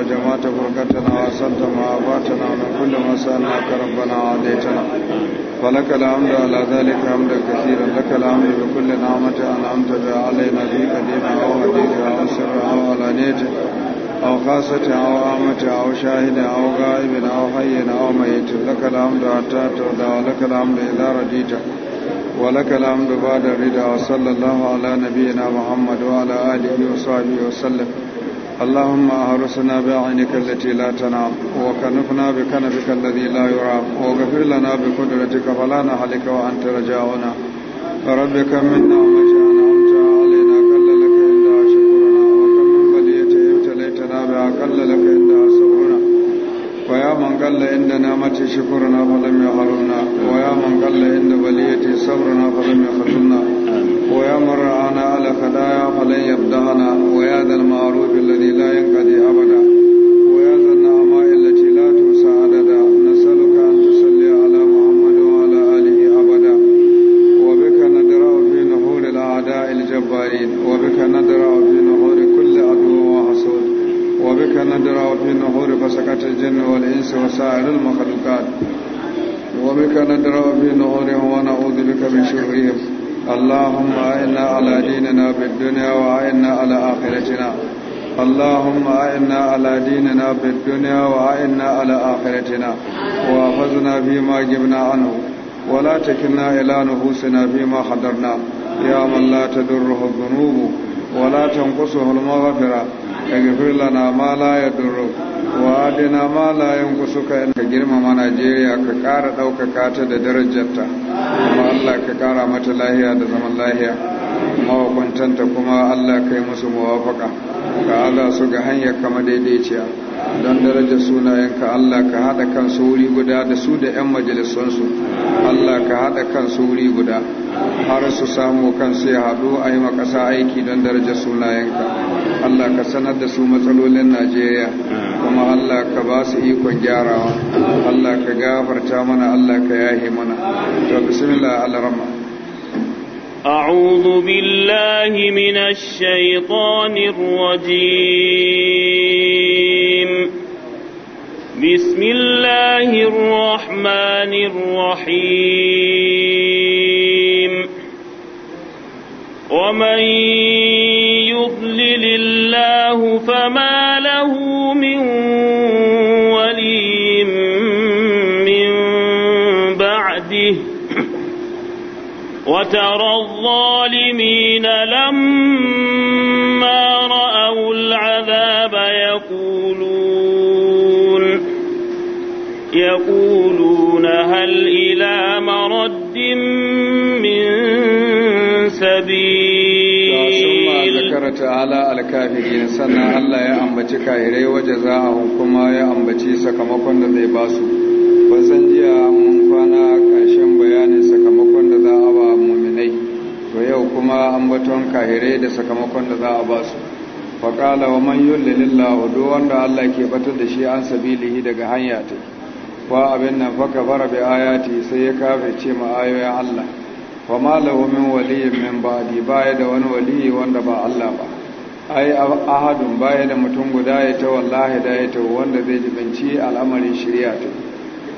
وجمعت بركتنا وأسدت مآباتنا ومن كل ما سألناك ربنا وعديتنا فلك الحمد على ذلك حمدا كثيرا لك الحمد بكل نعمة أنعمت بها علينا في قديمة أو حديثة أو سرها أو علانية أو خاصة أو عامة أو شاهد أو غائب أو حي أو ميت لك الحمد حتى ترضى ولك الحمد إذا رضيت ولك الحمد بعد الرضا وصلى الله على نبينا محمد وعلى آله وصحبه وسلم اللهم أهرسنا بعينك التي لا تنام وكنفنا بكنفك الذي لا يرام واغفر لنا بقدرتك فلا نهلك وأنت رجاؤنا فرب كم من نعمة أنعمت علينا قل لك عندها شكرنا وكم من بلية ابتليتنا بها قل لك عندها صبرنا ويا من قل عند نعمة شكرنا فلم يحرمنا ويا من قل عند بلية صبرنا فلم يخذلنا ويا من على خدايا فلن يبدعنا ويا ذا المعروف الذي لا ينقضي أبدا ويا ذا النعماء التي لا توسع عددا نسألك أن تصلي على محمد وعلى آله أبدا وبك ندرأ في نحور الأعداء الجبارين وبك ندرأ في نحور كل عدو وحسود وبك ندرأ في نحور فسكة الجن والإنس وسائر المخلوقات وبك ندرأ في نحورهم ونعوذ بك من شرورهم اللهم أئنا على ديننا بالدنيا وأئنا على آخرتنا اللهم أئنا على ديننا بالدنيا وأئنا على آخرتنا وافزنا فيما جبنا عنه ولا تكلنا إلى نفوسنا فيما حضرنا يا من لا تدره الذنوب ولا تنقصه المغفرة اغفر لنا ما لا يدرك wa adana ma ku suka in ka girmama Najeriya ka kara ɗaukaka ta da darajarta kuma Allah ka kara mata lahiya da zaman lahiya mawakwantanta kuma Allah ka yi musu muwafaka ka ala su ga hanyar kama daidaiciya don daraja sunayenka Allah ka hada kan wuri guda da su da 'yan majalisansu Allah ka hada kan wuri guda har su samu kansu ya haɗu a yi makasa aiki don daraja sunayenka Allah ka sanar da su matsalolin Najeriya kuma Allah ka ba su ikon gyarawa Allah ka gafarta mana Allah ka yahe mana to bismillah al-rahman أعوذ بالله من الشيطان الرجيم بسم الله الرحمن الرحيم ومن يضلل الله فما له من ولي من بعده وترى الظالمين لما رأوا العذاب يقولون يقولون هل إلى مرد من سبيل ta'ala alkafirin sannan Allah ya ambaci kahirai waje za a kuma ya ambaci sakamakon da zai ba su san jiya mun kwana ƙarshen bayanin sakamakon da za a ba muminai to yau kuma ambaton kahirai da sakamakon da za a ba su faƙala wa man yullilillahu duk wanda Allah ke batar da shi an sabilihi daga hanya ta Ba abin nan faka fara bi ayati sai ya kafirce ma ayoyin Allah wa ma lahu min waliyyin min ba'di baya da wani waliyi wanda ba Allah ba ai ahadun baya da mutum guda ya ta wallahi da ya ta wanda zai jibanci al'amarin shirya ta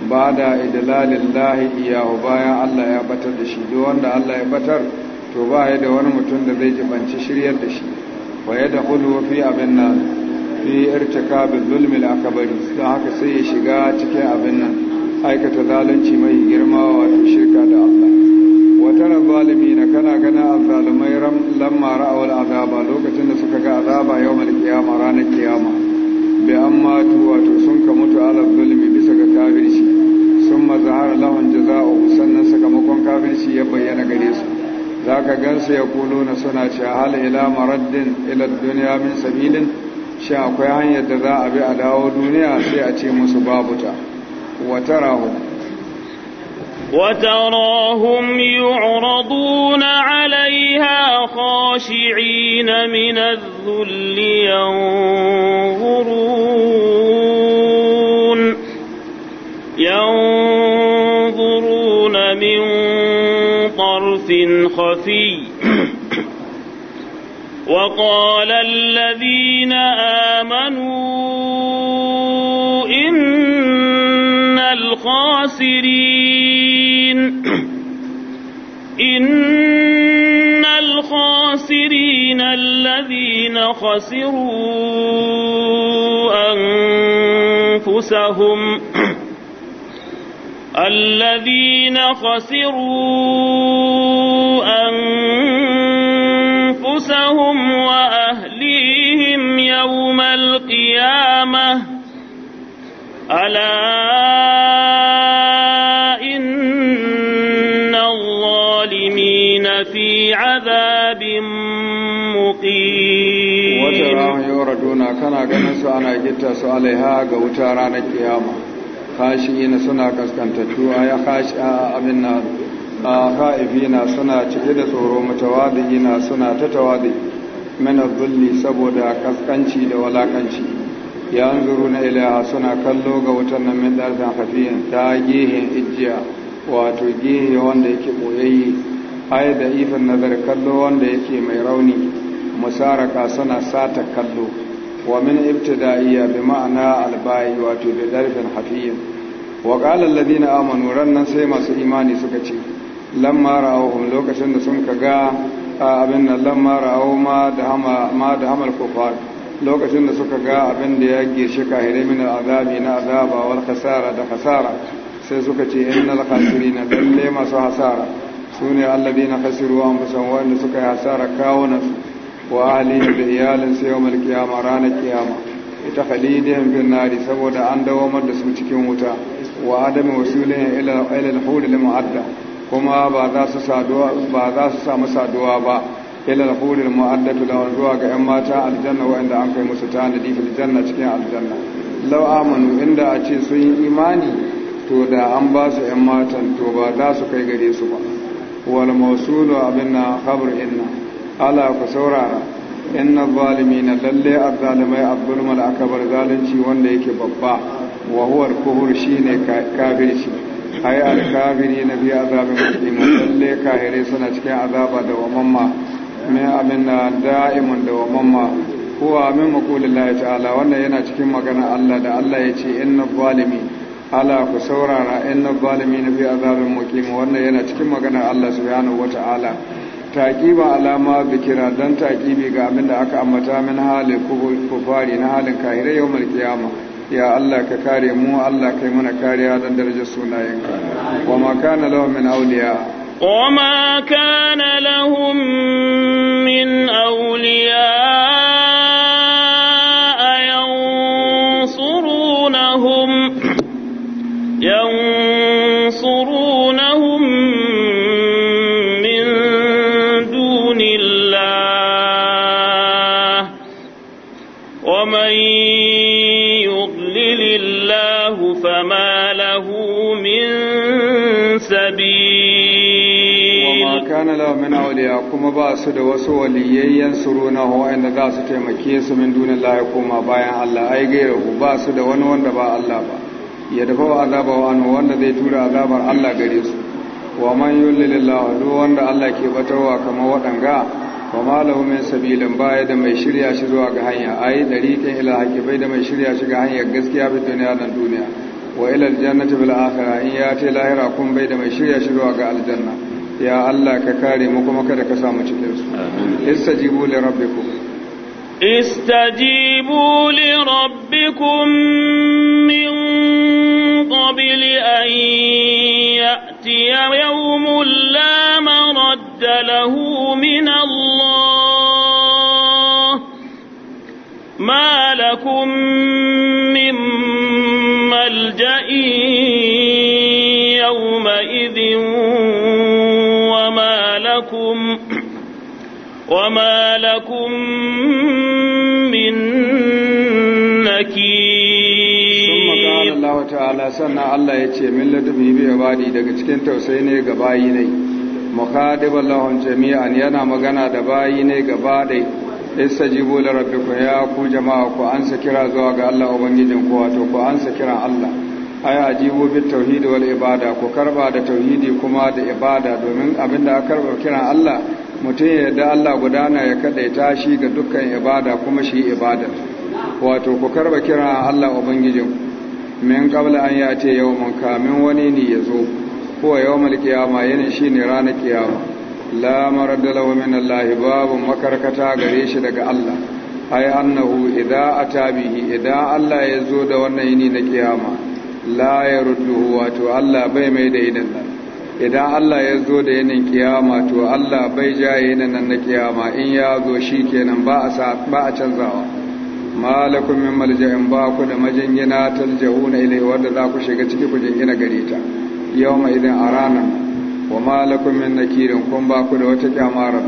ba da idlalin lahi iyahu bayan Allah ya batar da shi do wanda Allah ya batar to ba ya da wani mutum da zai jibanci shiryar da shi wa ya da hudu fi abin nan fi irtaka bin a akabari don haka sai ya shiga cikin abin nan aikata zalunci mai girma wato shirka da Allah tara na kana ganin azzalumai lamma ra'awar azaba lokacin da suka ga azaba mai kiyama ranar kiyama bi an matu wato sun ka mutu ala zulmi bisa ga shi sun mazahara lahun jaza'u sannan sakamakon shi ya bayyana gare su Za zaka gansu ya kulo na suna ce hal ila maraddin ila duniya min sabilin shi akwai hanyar da za a bi a dawo duniya sai a ce musu babu ta wa وتراهم يعرضون عليها خاشعين من الذل ينظرون ينظرون من طرف خفي وقال الذين آمنوا إن الخاسرين الخاسرين إن الخاسرين الذين خسروا أنفسهم الذين خسروا أنفسهم وأهليهم يوم القيامة ألا su ana gitta su alaiha ga wuta ranar kiyama khashiyina suna kaskantattu na a ha'ifi na suna cike da tsoro mutawadiyina suna ta tawadi min dhulli saboda kaskanci da walakanci yanzuruna ilaiha suna kallo ga wutan nan min ɗarfin hafiyan ta gehen ijiya wato gehe wanda yake boyayye ai da ifin nazar kallo wanda yake mai rauni musaraka suna sata kallo wa min ibtida'iyya bi ma'ana albayi wato bi darfin hafiyin wa qala alladhina amanu rannan sai masu imani suka ce lamma lokacin da sun kaga abin nan lamma ra'aw ma da hama ma da lokacin da suka ga abin da ya girshe kahire min azabi na azaba wal da hasara sai suka ce innal na lalle masu hasara sune alladhina khasiru anfusahum wa suka yi hasara kawunansu wa ahlihi da iyalinsa yawmal qiyama ranar kiyama ita khalidihim bin nari saboda an dawamar da su cikin wuta wa adami wasu ila ila al ma'adda kuma ba za su saduwa ba za su samu saduwa ba ila al ma'adda al-mu'adda da zuwa ga yan mata aljanna wanda an kai musu tanadi fil janna cikin aljanna law amanu inda a ce sun yi imani to da an ba su yan matan to ba za su kai gare su ba wal mawsulu abinna khabar inna Allah ku saurara inna zalimina lalle azzalimai abdulmal akabar zalunci wanda yake babba wa huwa al shine kafirci ai al-kafiri na biya azabin mutum lalle kahire suna cikin azaba da mamma, min abin da da'imun da mamma, kowa min makulillah ta'ala wannan yana cikin magana Allah da Allah ya ce inna zalimi ala ku saurara inna zalimina bi azabin muqim wannan yana cikin maganar Allah subhanahu wataala Taƙi ba alama bikira don taƙibi ga abin da aka ammata min halin kufari na halin kahirai yau malkiyama ya Allah ka kare mu Allah kai mana kariya don darajar sunayenka wa ma kana min awliya wa ma kana min kana la min awliya kuma ba su da wasu waliyayyan suruna ho inda za su taimake su min dunin lahi kuma bayan Allah ai gairahu ba su da wani wanda ba Allah ba ya dafa wa azaba wa anhu wanda zai tura azabar Allah gare su wa man yulilillahu do wanda Allah ke batarwa kamar waɗanga wa ma lahu min sabilin baya da mai shirya shi zuwa ga hanya ai ta ila haki bai da mai shirya shi ga hanyar gaskiya bi duniya nan duniya wa ila aljannati bil akhirah in ya ta lahira kun bai da mai shirya shi zuwa ga aljanna يا الله ككارم وكما كذا كسام استجيبوا لربكم استجيبوا لربكم من قبل أن يأتي يوم لا مرد له من الله ما لكم من ملجئين وما لكم من نكير Allah ya ce min daga cikin tausayi ne ga bayi ne mukhadiban jami'an yana magana da ya ku jama'a ku kira zuwa ga Allah ubangijin ku wato ku Allah ay ajibu bit tauhid ibada ku karba da tauhidi kuma da ibada domin abinda aka karba kiran Allah mutum ya yarda Allah gudana ya kadaita tashi ga dukkan ibada kuma shi ibada wato ku karba kira Allah ubangijin min qabla an yati yawmun kamin wani ne yazo ko yawmul qiyama yana shine ranar qiyama la maradda lahu min Allah babu makarkata gare shi daga Allah ay annahu idza atabihi idza Allah yazo da wannan yini na qiyama la yaruddu wato Allah bai mai da idan nan idan Allah ya zo da yanin kiyama to Allah bai jaye nan na kiyama in ya zo shi kenan ba a canzawa malakun min malja'in ba ku da majingina taljahuna ilai wanda za ku shiga ciki ku jingina gare ta yau mai idan a ranar wa malakun min nakirin kun ba ku da wata kyamarar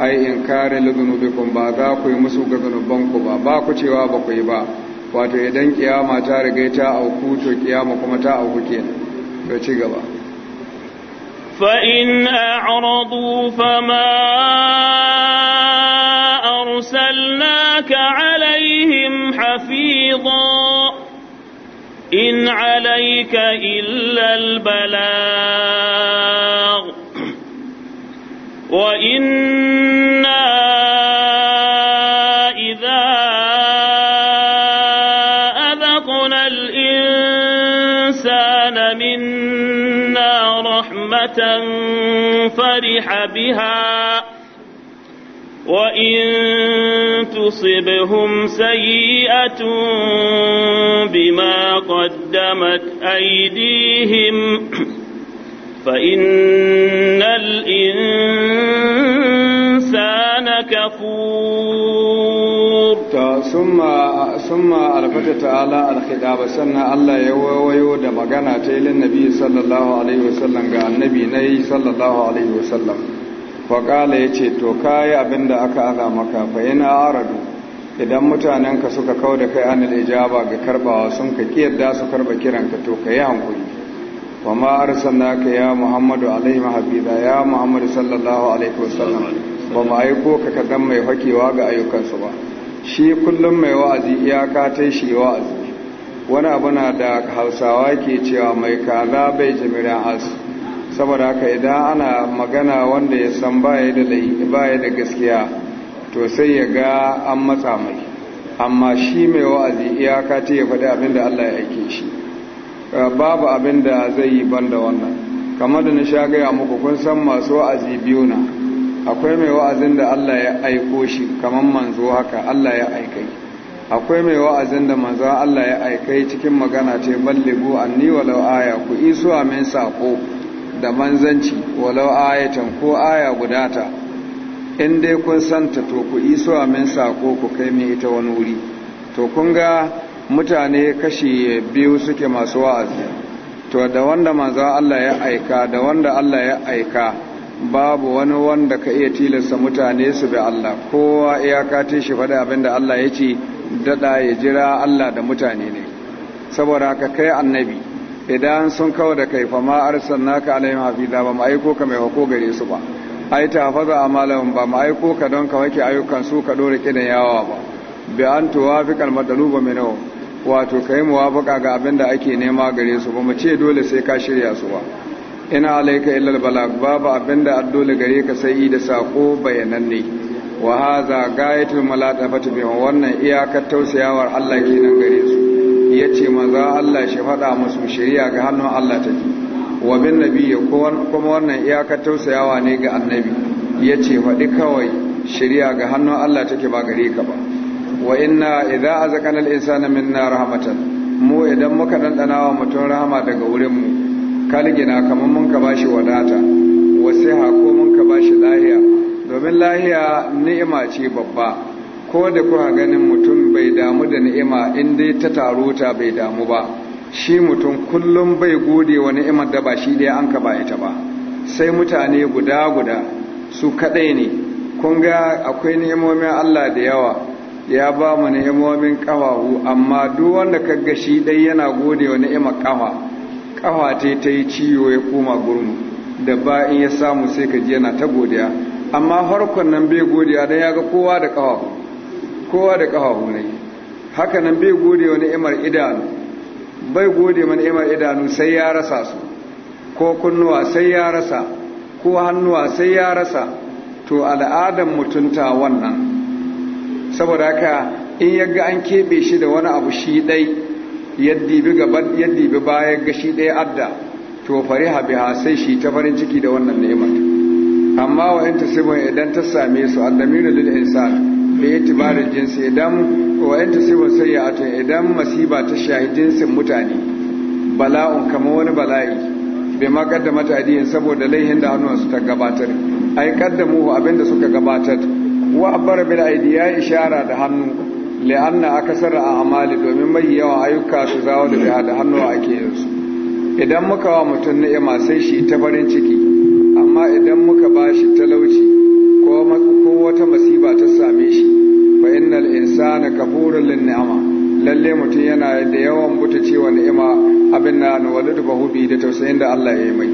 ai in kare kun ba za ku yi musu ga ku ba ba ku cewa ba ku yi ba wato idan kiyama ta riga ta auku to kiyama kuma ta auku kenan ci gaba فإن أعرضوا فما أرسلناك عليهم حفيظا إن عليك إلا البلاغ وإن فرح بها وإن تصبهم سيئة بما قدمت أيديهم فإن الإنسان لسانك فور ثم ثم الفت تعالى الخطاب سنة الله يويو da magana ta annabi nayi sallallahu alaihi wasallam fa abinda aka aza idan suka kau da kai anil ijaba ga karbawa sun ka kiyarda su karba kiranka to kai hankuri wa ma arsalnaka ya muhammadu alaihi ya muhammadu sallallahu alaihi wasallam ba mu aiko ka ka zan mai hakewa ga ayyukansu ba shi kullum mai wa'azi iyaka ta shi wa'azi wani abu na da hausawa ke cewa mai kaza bai jimirin as saboda haka idan ana magana wanda ya san baya da gaskiya to sai ya ga an matsa mai amma shi mai wa'azi iyaka ta ya faɗi abinda Allah ya aike shi babu abin da zai yi banda wannan kamar da na sha gaya muku kun san masu wa'azi biyu na akwai mai wa'azin da Allah ya aiko shi kamar manzo haka Allah ya aikai akwai mai wa'azin da manzo Allah ya aikai cikin magana ce ballibu anni walau aya ku iso amin sako da manzanci walau ayatan ko aya gudata in dai kun santa to ku iso amin sako ku kai mai ita wani wuri to kun ga mutane kashi biyu suke masu wa'azi to da wanda manzo Allah ya aika da wanda Allah ya aika babu wani wanda ka iya tilasta mutane su bi Allah kowa iyaka ta shi faɗa abinda Allah ya ce daɗa ya jira Allah da mutane ne saboda ka kai annabi idan sun kawo da kai fama arsalna ka hafi, hafiza ba mu aiko ka mai hako gare su ba ai ta a malamin ba mu aiko ka don ka wake ayyukan su ka dore kidan yawa ba bi an tuwafiqal madaluba minhu wato ka yi muwafaqa ga abinda ake nema gare su ba mu ce dole sai ka shirya su ba ina alaika illal balag babu abinda addole gare ka sai da sako bayananne wa haza gayatul malatafati bi wannan iyakar tausayawar Allah kenan gare su yace maza Allah shi fada musu shari'a ga hannun Allah take wa bin nabiyyi kuma wannan iyakar tausayawa ne ga annabi yace faɗi kawai shari'a ga hannun Allah take ba gare ka ba wa inna idza azqana al-insana minna rahmatan mu idan muka dandana wa mutum rahama daga wurin mu kaligina kamar mun ka bashi wadata wasiha ko mun ka bashi lahiya domin lahiya ni'ima ce babba ko da kuka ganin mutum bai damu da ni'ima in dai ta taro ta bai damu ba shi mutum kullum bai gode wa ni'imar da ba shi dai an ka ba ita ba sai mutane guda guda su kaɗai ne kun ga akwai ni'imomin Allah da yawa ya ba mu ni'imomin ƙafafu amma duk wanda kaga shi dai yana gode wa ni'imar kafa kawa ta ta yi ciwo ya koma gurmu da ba in ya samu sai ka ji yana ta godiya amma harkon nan bai godiya don ya ga kowa da kawa kowa da kawa haka nan bai gode wani imar idanu bai gode wani imar idanu sai ya rasa su ko kunnuwa sai ya rasa ko hannuwa sai ya rasa to al'adan mutunta wannan saboda haka in ga an keɓe shi da wani abu shi ɗai yaddi bi yaddi bayan gashi ɗaya adda to fariha ha sai shi ta farin ciki da wannan neman. amma wa in tasibun idan ta same su addamiru lil insan bi itibarin jinsi idan wa in tasibun sayyi'atu idan masiba ta shahi jinsin mutane bala'un kama wani bala'i bai ma ta adiyin saboda laihin da su ta gabatar ai kaddamu abinda suka gabatar wa abbar bil aidiya ishara da hannu li'anna akasar a'mali domin mai yawan ayyuka su zawo da biya da hannu ake yin su idan muka wa mutum ni'ima sai shi ta farin ciki amma idan muka bashi talauci ko wata masiba ta same shi fa innal insana kafurun lin ni'ama lalle mutum yana da yawan buta cewa ni'ima abin na walidu bahubi da tausayin da Allah ya yi mai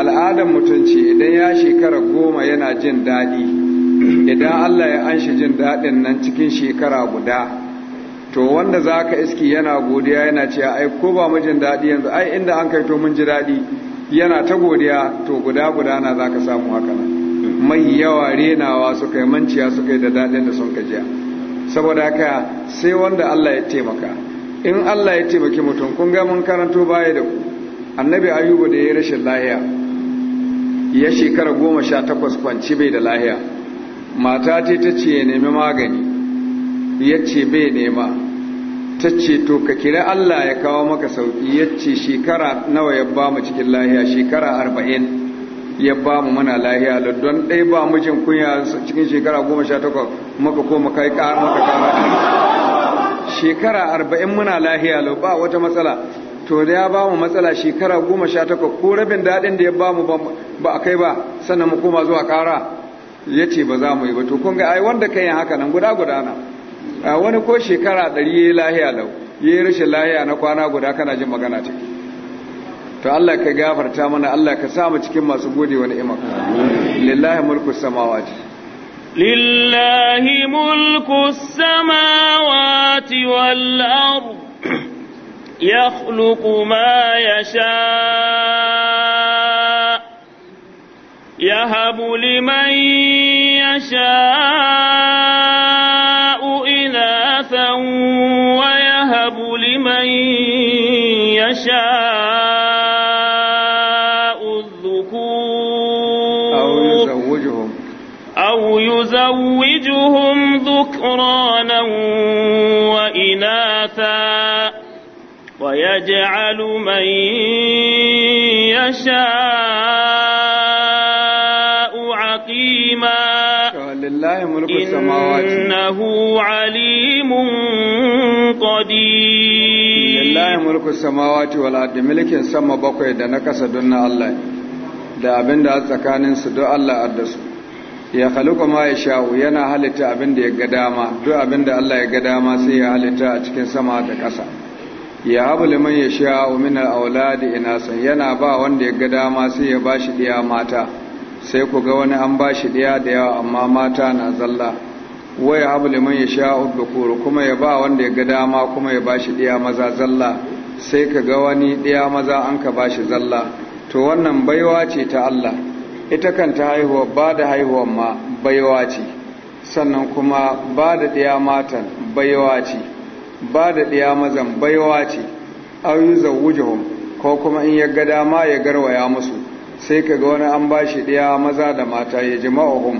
al'adar mutunci idan ya shekara goma yana jin daɗi idan Allah ya anshi jin daɗin nan cikin shekara guda to wanda za ka iski yana godiya yana ce ai ko ba mu jin daɗi yanzu ai inda an kai to mun ji daɗi yana ta godiya to guda guda na za ka samu haka nan mai yawa renawa suka yi manciya suka yi da daɗin da sun kajiya saboda haka sai wanda Allah ya taimaka in Allah ya taimaki mutum kun ga mun karanto baya da ku annabi ayuba da ya rashin lahiya ya shekara goma sha takwas kwanci bai da lahiya mata ce ta ce ya nemi magani ya ce bai nema ta ce to ka kira Allah ya kawo maka sauki ya ce shekara nawa ya ba mu cikin lahiya shekara arba'in ya ba mu mana lahiya don ɗaya ba mijin kunya cikin shekara goma sha takwas maka ko maka yi ƙara maka ƙara shekara arba'in muna lahiya lau ba wata matsala to da ya ba mu matsala shekara goma sha takwas ko rabin daɗin da ya ba mu ba a kai ba sannan mu koma zuwa ƙara ya ce ba za mu yi ba to kun ga ai wanda kan yi haka nan guda guda na wani ko shekara ɗari ya yi lahiya lau ya yi rashin lahiya na kwana guda kana jin magana ta to Allah ka gafarta mana Allah ka sa mu cikin masu gode wani ni'imaka lillahi mulku samawati لله samawati السماوات والأرض يخلق ما يشاء يهب لمن يشاء إناثا ويهب لمن يشاء الذكور أو يزوجهم أو يزوجهم ذكرانا وإناثا ويجعل من يشاء lillahi mulku samawati innahu alimun qadir lillahi mulku samawati wal ardi sama bakwai da na kasa don na Allah da abinda tsakanin su don Allah adda su ya khaliqu ma yasha'u yana halitta abinda ya ga dama duk abinda Allah ya ga dama sai ya halitta a cikin sama da ƙasa. ya habu liman yasha'u min al-awladi inasan yana ba wanda ya ga dama sai ya bashi ɗiya mata sai ku ga wani an ba shi ɗaya da yawa amma mata na zalla waya abu liman ya sha udukuru kuma ya ba wanda ya ga dama kuma ya ba shi ɗaya maza zalla sai ka ga wani ɗaya maza an ka ba shi zalla to wannan baiwa ce ta Allah ita kanta haihuwa ba da haihuwa ma baiwa ce sannan kuma ba da ɗaya matan baiwa ce ba da ɗaya mazan baiwa ce au yi ko kuma in ya ga dama ya garwaya musu sai ka ga wani an ba shi ɗaya maza da mata ya ji ma'ahun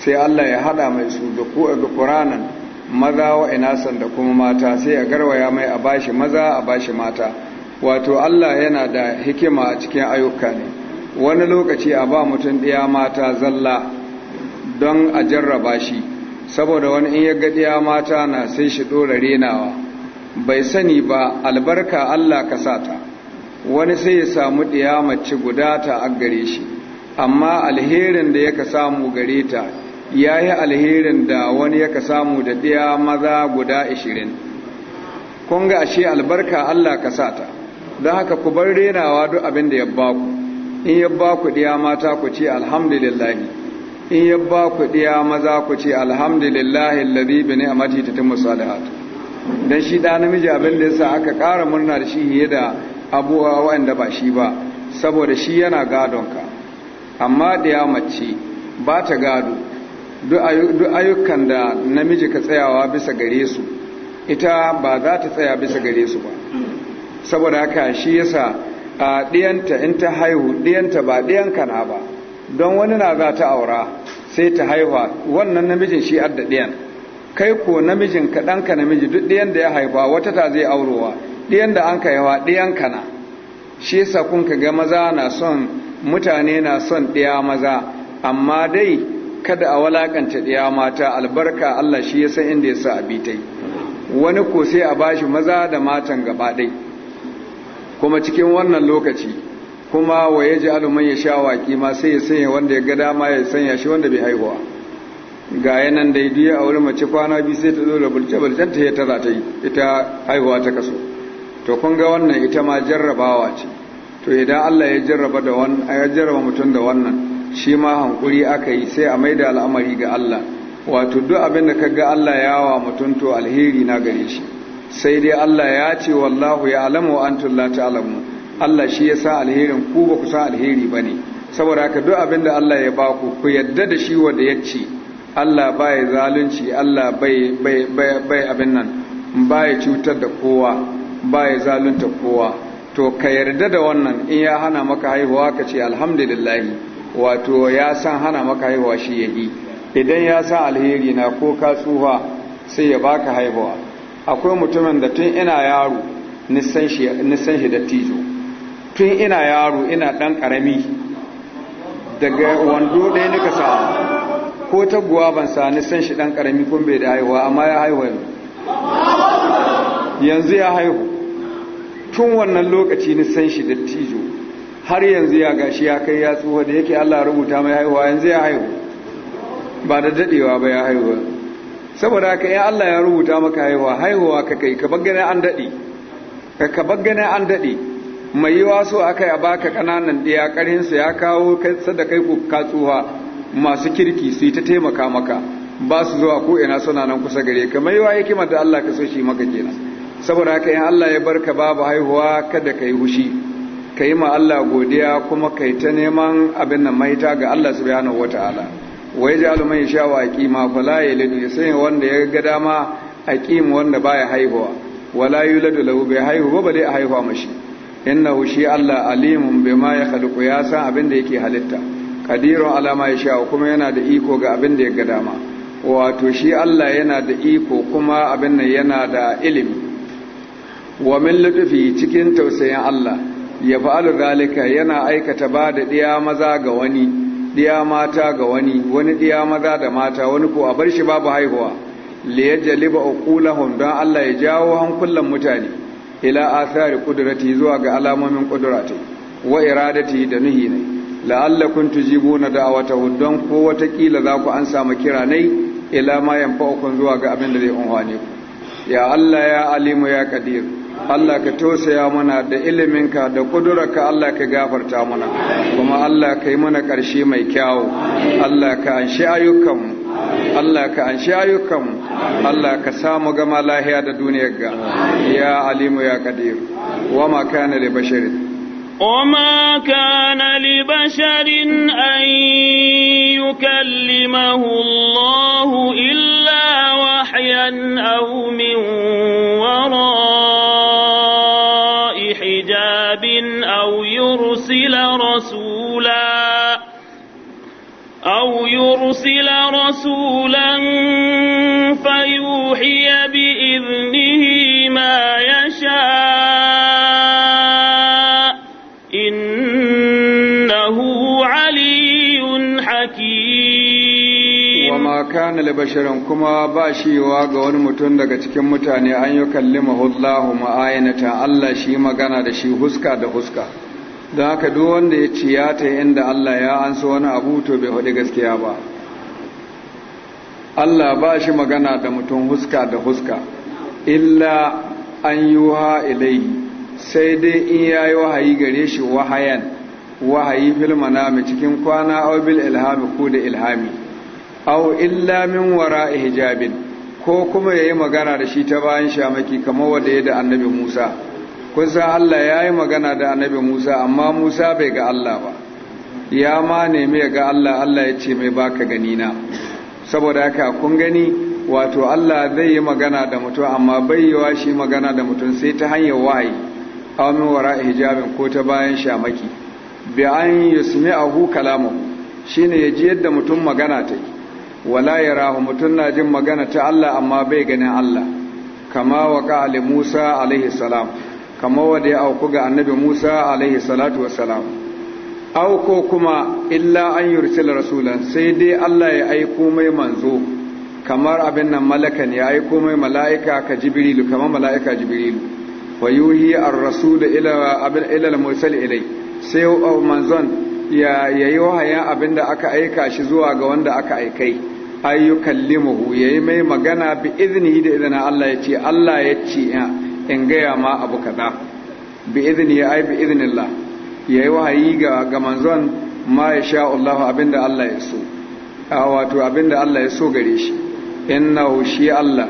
sai Allah ya haɗa mai su da ƙuranan maza wa inasan da kuma mata sai ya garwaya mai a bashi maza a bashi mata wato Allah yana da hikima a cikin ayyuka ne wani lokaci a ba mutum ɗiya mata zalla don a jarraba shi saboda wani in ya ga ɗaya mata na sai shi ɗora renawa bai sani ba albarka Allah ka sata wani sai ya samu mace guda ta a gare shi amma alherin da yaka samu gare ta ya yi alherin da wani yaka samu da ɗiya maza guda ashirin kun ga ashe albarka allah ka ta don haka ku bar renawa duk abin da ya baku in ya baku ɗiya mata ku ce alhamdulillahi in ya ba ku ɗiya maza ku ce alhamdulillahi lalzi bi ta tatimmu salihat dan shi da namiji abin da yasa aka ƙara murna da shi fiye da abuwa wa'anda ba shi ba saboda shi yana gadon ka amma da ya mace ba ta gado duk ayyukan da namiji ka tsayawa bisa gare su ita ba za ta tsaya bisa gare su ba saboda haka shi yasa a ɗiyanta in ta haihu ɗiyanta ba ɗiyanka na ba don wani na za ta aura sai ta haihuwa wannan namijin shi adda ɗiyan kai ko namijin kaɗanka namiji duk ɗiyan da ya haifa wata ta zai aurowa ɗiyan da an ka yawa ɗiyan kana shi yasa kun ka ga maza na son mutane na son ɗiya maza amma dai kada a walakanta ɗiya mata albarka Allah shi yasa inda yasa a bitai wani ko sai a bashi maza da matan gaba ɗai kuma cikin wannan lokaci kuma wa ya ji alumai ya sha waƙi ma sai ya sanya wanda ya ga dama ya sanya shi wanda bai haihuwa ga yanan da ya a wurin mace kwana biyu sai ta zo da bulce-bulcen ta ya tara ta yi ita haihuwa ta kaso to kun ga wannan ita ma jarrabawa ce to idan Allah ya jarraba da wannan ya jarraba mutum da wannan shi ma hankuri aka yi sai a da al'amari ga Allah wato duk abin da kaga Allah ya wa mutum to alheri na gare shi sai dai Allah ya ce wallahu ya alamu wa antum la ta'lamu Allah shi ya sa alherin ku ba ku sa alheri bane saboda haka duk abin da Allah ya ba ku ku yadda da shi wanda ya ce Allah bai zalunci Allah bai bai bai abin nan bai cutar da kowa Ba ya zalunta kowa to ka yarda da wannan in ya hana maka haihuwa ka ce alhamdulillah wato ya san hana maka haihuwa shi ya yi. idan ya san alheri na ko ka tsufa sai ya baka haihuwa akwai mutumin da tun ina yaro nisan shi da tijo tun ina yaro ina ɗan ƙarami daga wando ɗaya nika sa ko taguwa ban sa nisan shi ɗan ƙarami kun bai da haihuwa amma ya haihuwa yanzu ya haihu tun wannan lokaci ni san shi da tijo har yanzu ya gashi ya kai ya tsoho da yake Allah rubuta mai haihuwa yanzu ya haihu ba da dadewa ba ya haihuwa saboda haka in Allah ya rubuta maka haihuwa haihuwa ka kai ka baggana an dade ka ka gane an dade mai yiwa so akai a baka kananan ɗaya karin su ya kawo kai sada kai ku ka tsoha, masu kirki su yi ta taimaka maka ba su zuwa ko ina suna nan kusa gare ka mai yiwa hikimar da Allah ka so shi maka kenan saboda haka in Allah ya barka babu haihuwa kada ka yi hushi ka yi ma Allah godiya kuma ka yi ta neman abin nan maita ga Allah wata ala wai ji alamai ya sha wa ya fala ya sanya wanda ya ga dama aqim wanda ba ya haihuwa wala yuladu lahu bai haihu ba bale a haihuwa mashi na hushi Allah alimun bai ma ya khaliqu ya san abin da yake halitta Kadirun alama ya sha kuma yana da iko ga abin da ya ga dama wato shi Allah yana da iko kuma abin nan yana da ilimi wa min lutufi cikin tausayin Allah ya fa'alu zalika yana aikata ba da ɗiya maza ga wani ɗiya mata ga wani wani ɗiya maza da mata wani ko a bar shi babu haihuwa li yajliba uqulahum don Allah ya jawo hankulan mutane ila asari qudrati zuwa ga alamomin qudrati wa iradati da nuhi ne kuntu tujibuna da'awatahu don ko wata kila za ku an samu kira nai ila ma yanfa'ukum zuwa ga abin da zai unhwane ku ya Allah ya alimu ya kadiru Allah ka tausaya mana da iliminka da kudurarka Allah ka gafarta mana kuma Allah ka yi mana ƙarshe mai kyawo. Allah ka anshi ayyukanmu Allah ka anshi ayyukanmu Allah ka samu gama lahiya da duniyar ga ya alimu ya kadir wa ma kana li basharin kana li لبشر an yukallimahu Allah illa wahyan aw min wara أو يرسل رسولا أو يرسل رسولا فيوحي بإذنه ما يشاء kana li kuma ba shi ga wani mutum daga cikin mutane an yi kalli hullahu ma'ayanata Allah shi magana da shi huska da huska don haka duk wanda ya ci ya ta inda Allah ya ansa wani abu to bai hudu gaskiya ba Allah ba shi magana da mutum huska da huska illa an yi wa ilai sai dai in ya yi wahayi gare shi wahayan wahayi fil manami cikin kwana au bil ilhami ko da ilhami aw illa min wara'i hijabin ko kuma yayi magana da shi ta bayan shamaki kamar wanda ya da annabi Musa kun san Allah yayi magana da annabi Musa amma Musa bai ga Allah ba ya ma nemi ya ga Allah Allah ya ce mai baka gani na saboda haka kun gani wato Allah zai yi magana da mutum amma bai yiwa shi magana da mutum sai ta hanyar wahayi aw min wara'i hijabin ko ta bayan shamaki bi an yusmi'ahu kalamu shine yaji yadda mutum magana ta wala ya rahu mutum na jin magana ta Allah amma bai ganin Allah kama wa qali Musa alaihi salam kama wa ya auku ga annabi Musa alaihi salatu wa salam. Auko kuma illa an yursila rasulan sai dai Allah ya aiko mai manzo kamar abin nan malakan ya aiko mai mala'ika ka jibrilu kamar mala'ika jibrilu ويوهي الرسول إلى إلى mursal ilai, sai manzon ya yayi wahayin da aka aika shi zuwa ga wanda aka aikai ayyukan limuhu ya yi mai magana bi izini da izinin Allah ya ce Allah ya ce in gaya ma abu kaza bi izini ya ai bi izinillah ya yi wahayi ga ga manzon ma ya sha Allah abinda Allah ya so wato abinda Allah ya so gare shi hu shi Allah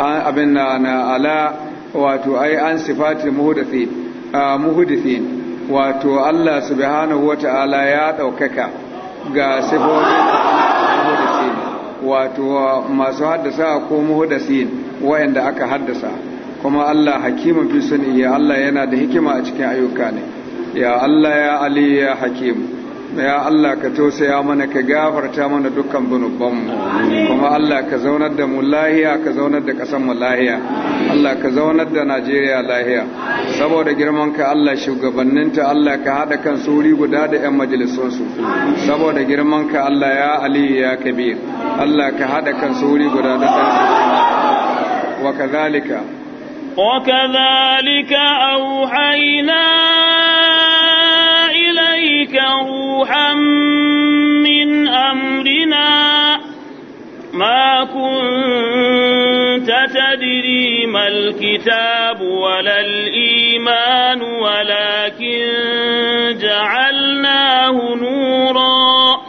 abin na ala wato ai an sifati muhdathin muhdathin wato Allah subhanahu wataala ya daukaka ga sifofin wato masu haddasa ko muhdasin wayanda aka haddasa kuma Allah hakimun fi sunni ya Allah yana da hikima a cikin ayyuka ne ya Allah ya ali ya hakimu ya Allah ka tausaya mana ka gafarta mana dukkan zunubanmu kuma Allah ka zaunar da mu lahiya ka zaunar da kasan mu lahiya Allah ka zaunar da Najeriya lahiya saboda girman ka Allah shugabanninta Allah ka hada kan suri guda da yan majalisun su saboda girman ka Allah ya Ali ya Kabir Allah ka hada kan suri guda da wa kadhalika وكذلك أوحينا بك روحا من أمرنا ما كنت تدري ما الكتاب ولا الإيمان ولكن جعلناه نورا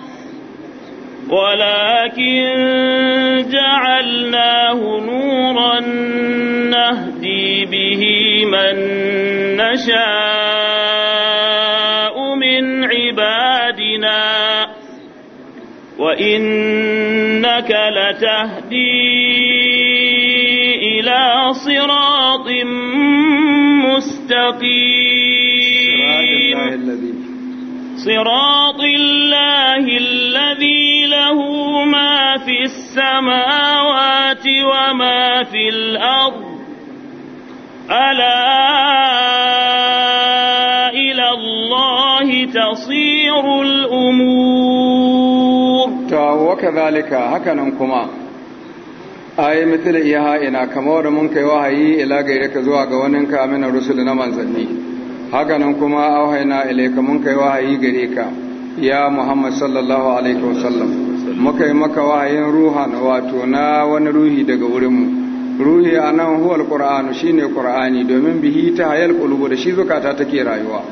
ولكن جعلناه نورا نهدي به من نشاء وإنك لتهدي إلى صراط مستقيم صراط الله الذي له ما في السماوات وما في الأرض ألا إلى الله تصير الأمور to wa kadhalika hakanan kuma ayi misal iya ina kamar da mun kai wahayi ila gaire ka zuwa ga wannan ka amina rusul na manzanni hakanan kuma auhayna ilayka mun kai wahayi gare ka ya muhammad sallallahu alaihi wasallam muka yi maka wahayin ruhan wato na wani ruhi daga wurin mu ruhi anan huwa alquran shine qur'ani domin bihi ta hayal qulubu da shi zukata take rayuwa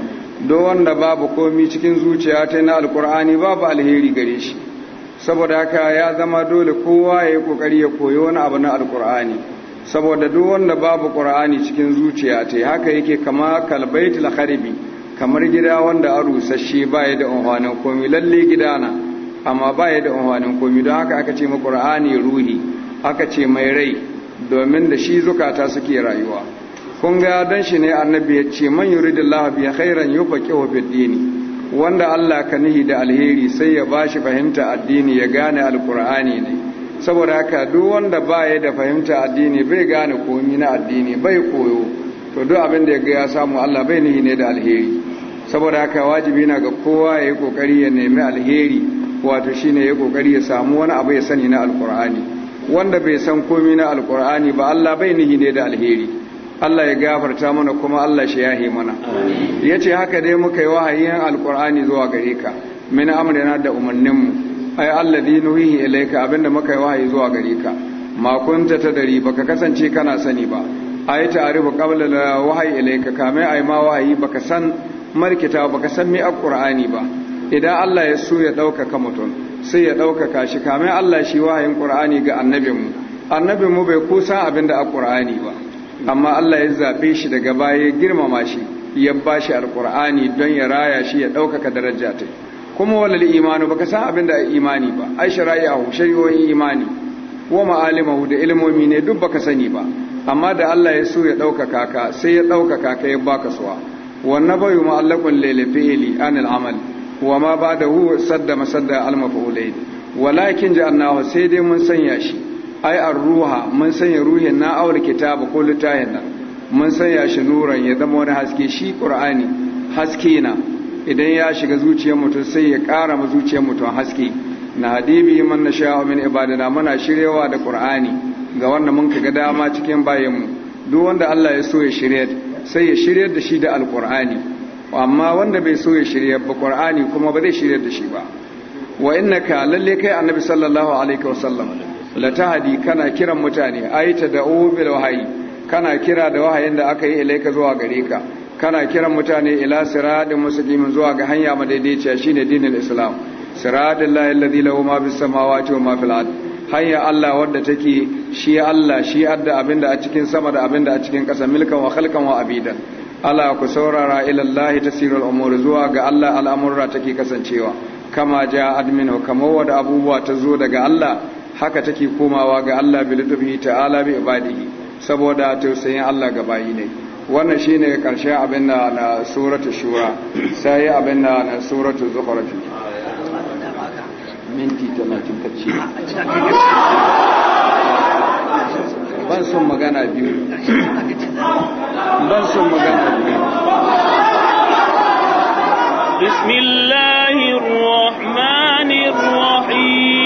do wanda babu komi cikin zuciya ta na alqur'ani babu alheri gare shi saboda haka ya zama dole kowa ya yi kokari ya koyi wani abu na alkur'ani saboda duk wanda babu ƙur'ani cikin zuciya yi haka yake kama kalbaitul kharibi kamar gida wanda a rusashe ba ya da unhwanin komi lalle gidana amma ba ya da unhwanin komi don haka aka ce ma qur'ani ruhi aka ce mai rai domin da shi zukata suke rayuwa kun ga dan shi ne annabi ya ce man yuridillahu bi khairan yufaqihu fid dini wanda Allah ka nihi da alheri sai ya ba shi fahimta addini ya gane alkur'ani ne saboda haka duk wanda ba ya da fahimta addini bai gane komi na addini bai koyo to duk abin da ya samu Allah bai nihi ne da alheri saboda haka wajibi na ga kowa ya yi kokari ya nemi alheri wato shine ya kokari ya samu wani abu ya sani na alkur'ani wanda bai san komi na alkur'ani ba Allah bai nihi ne da alheri Allah ya gafarta mana kuma Allah shi yahe mana yace haka dai muka yi wahayin alqur'ani zuwa gare ka min amrina da umarninmu ai alladhi nuhihi ilayka abinda muka yi wahayi zuwa gare ka ma kunta dari baka kasance kana sani ba ai ta'rifu qabla wahayi ilayka kamai ai ma wahayi baka san markita baka san mai alqur'ani ba idan Allah ya so ya ɗaukaka mutum sai ya ɗaukaka shi kamin Allah shi wahayin ƙur'ani ga annabinmu annabinmu bai kusa abinda da a ba amma Allah ya zabe shi daga baya ya girmama shi ya ba shi alƙur'ani don ya raya shi ya ɗaukaka daraja ta kuma walal imanu baka san abin da imani ba ai shari'a shari'o'in imani wa ma'alimahu da ilmomi ne duk baka sani ba amma da Allah ya so ya ɗaukaka ka sai ya ɗaukaka ka ya baka suwa wannan yi ma'allakun lele fi'li anil amal wa ma ba da hu, sadda masadda al maf'ulain walakin ja'alnahu sai dai mun sanya shi ai ruha mun sanya ruhin na awar kitabu ko littafin nan mun sanya shi nuran ya zama wani haske shi qur'ani haske na idan ya shiga zuciyar mutum sai ya ƙara ma zuciyar mutum haske na hadibi man sha'a min ibadina muna shiryawa da qur'ani ga wanda mun kaga dama cikin mu duk wanda Allah ya so ya shirya sai ya shirye da shi da alqur'ani amma wanda bai so ya shirye ba qur'ani kuma ba zai shirye da shi ba wa innaka lalle kai annabi sallallahu alaihi wasallam latahadi kana kiran mutane aita da bil wahayi kana kira da wahayin da aka yi ilaika zuwa gare ka kana kiran mutane ila siratin muslimin zuwa ga hanya madaidaiciya shine dinin islam siratin lahi alladhi lahu ma bis samawati wa ma fil ard hanya Allah wadda take shi Allah shi adda abinda a cikin sama da abinda a cikin kasa milkan wa khalqan wa abidan ala ku saurara ila Allah tasirul umur zuwa ga Allah al'amurra take kasancewa kama ja admin kama wada abubuwa ta zo daga Allah haka take komawa ga Allah bi lutfihi ta'ala bi ibadihi saboda tausayin Allah ga bayi ne wannan shine karshen abin da na suratul shura sai abin da na suratul zukhruf minti 30 kace ban son magana biyu ban son magana biyu bismillahir rahmanir rahim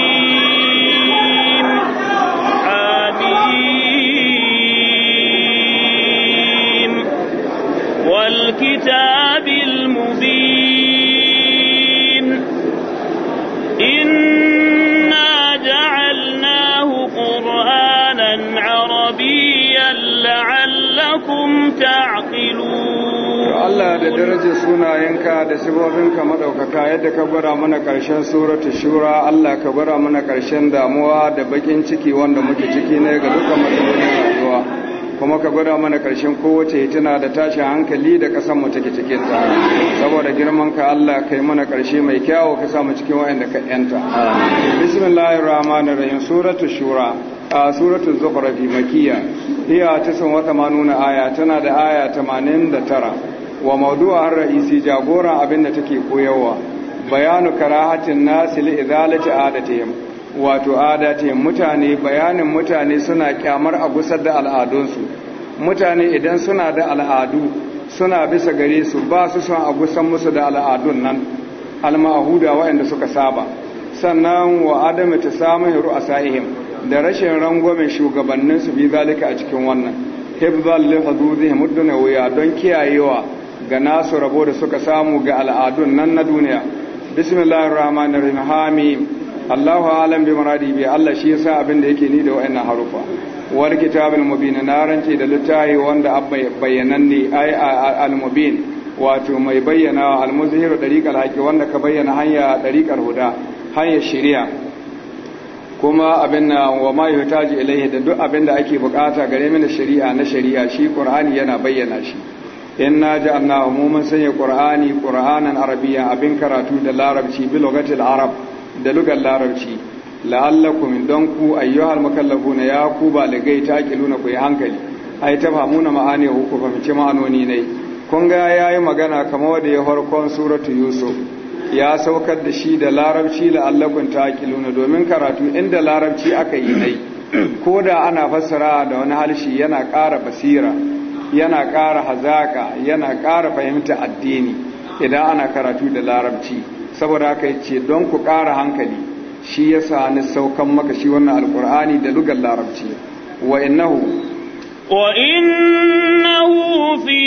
daraja sunayenka da sifofinka madaukaka yadda ka gwada mana karshen suratu shura Allah ka gwada mana karshen damuwa da bakin ciki wanda muke ciki ne ga dukkan matsalolin rayuwa kuma ka gwada mana karshen kowace hitina da tashin hankali da kasan mu take cikin ta saboda girman ka Allah kai mana karshe mai kyawu ka sa mu cikin wa'anda ka yanta bismillahir rahmanir rahim suratu shura a suratu zukhruf makiyya hiya 89 aya tana da aya 89 wa mawdu'a har ra'isi jagoran abin da take koyarwa bayanu karahatin nasi li idalati adatihim wato adati mutane bayanin mutane suna kyamar a gusar da al'adunsu mutane idan suna da al'adu suna bisa gare su ba su son a gusan musu da al'adun nan almahuda waɗanda suka saba sannan wa adamu ta a ru'asaihim da rashin rangwamen shugabanninsu bi zalika a cikin wannan hibzal li hududihim muddunawiya don kiyayewa ga nasu rabo da suka samu ga al'adun nan na duniya bismillahir rahmanir rahim Allahu alam bi maradi bi Allah shi yasa abin da yake ni da wa'annan harufa wal kitabul mubin na rance da littafi wanda abba ni ay al mubin wato mai bayyana al muzhir dariqal haqi wanda ka bayyana hanya dariqal huda hanya shari'a kuma abin na wa ma yuhtaji ilayhi da duk abin da ake bukata gare mini shari'a na shari'a shi qur'ani yana bayyana shi in na ji annawa mu mun sanya ƙur'ani, qur'anan arabiya abin karatu da larabci bi lugatil arab da lugar larabci la'allakum don ku ayyuhal mukallafuna ya ku baligai taqiluna ku yi hankali ai tafhamuna ma'ani ku fahimci ma'anoni ne kun ga yayi magana kamar wanda ya farkon suratu yusuf ya saukar da shi da larabci la'allakum taqiluna domin karatu inda larabci aka yi ne. ko da ana fassara da wani halshi yana ƙara basira yana ƙara hazaka yana ƙara fahimta addini idan ana karatu da larabci saboda haka ce don ku ƙara hankali shi ya sa ni saukan maka shi wannan Alƙur'ani da lugar larabci wa innahu wa innahu fi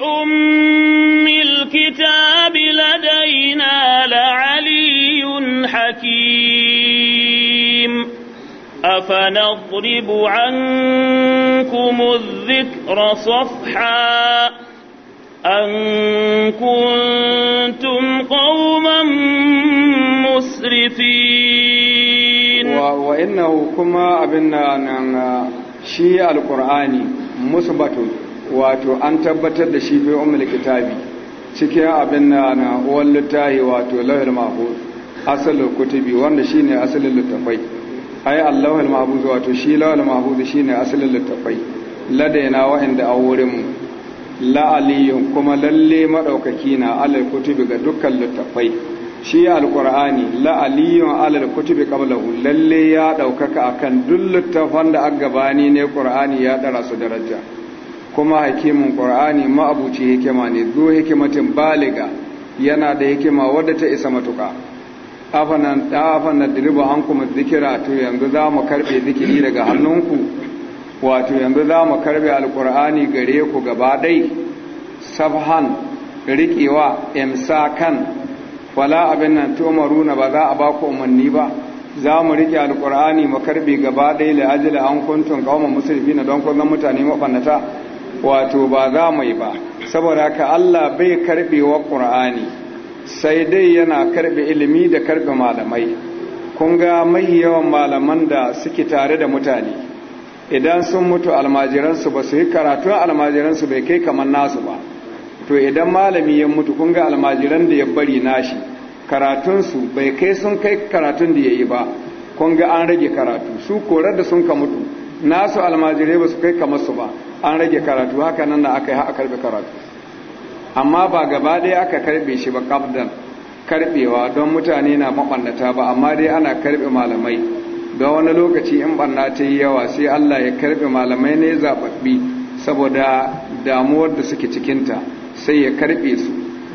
ummil kitabi ladaina la'aliyun hakim أفنضرب عنكم الذكر صفحا أن كنتم قوما مسرفين وإنه كما أبنا أن شيء القرآن مثبت واتو أن تبت الشيء في أم الكتاب cikin abin na na wani littahi wato lauyar mahu asalin kutubi wanda shine ai al mahfuz wato shi lawal mahfuz shine asalin littafai ladaina wa'anda a wurin la aliyun kuma lalle madaukaki na alal kutubi ga dukkan littafai shi alqur'ani la aliyun alal kutubi qablahu lalle ya daukaka akan duk littafan da aka gabani ne qur'ani ya dara su daraja kuma hakimin qur'ani ma'abuci hikima ne zo hikimatin baliga yana da hikima wadda ta isa matuka afanan diriba an kuma zikira to yanzu za mu karbe zikiri daga hannunku wato yanzu za mu karbe alqur'ani gare ku gaba dai safhan riƙewa imsakan wala abin nan runa ba za a ba ku umarni ba za mu riƙe alƙur'ani mu karbe gaba ɗaya la ajila an kuntun kawo musulmi na don kun mutane mafannata wato ba za mu yi ba saboda ka Allah bai wa ƙur'ani sai dai yana karbe ilimi da karbe malamai kun ga mai yawan malaman da suke tare da mutane idan sun mutu almajiransu ba su yi karatun almajiransu bai kai kamar nasu ba to idan malami ya mutu kun ga almajiran da ya bari nashi karatunsu bai kai sun kai karatun da ya yi ba kun ga an rage karatu su korar da sun ka mutu nasu almajirai ba su kai kamar su ba an rage karatu haka nan na aka yi a karbe karatu amma ba gaba ɗaya aka karbe shi ba kafdan karbewa don mutane na maɓannata ba amma dai ana karbe malamai don wani lokaci in ɓanna ta yi yawa sai Allah ya karbe malamai ne zaɓaɓɓi saboda damuwar da suke cikinta sai ya karbe su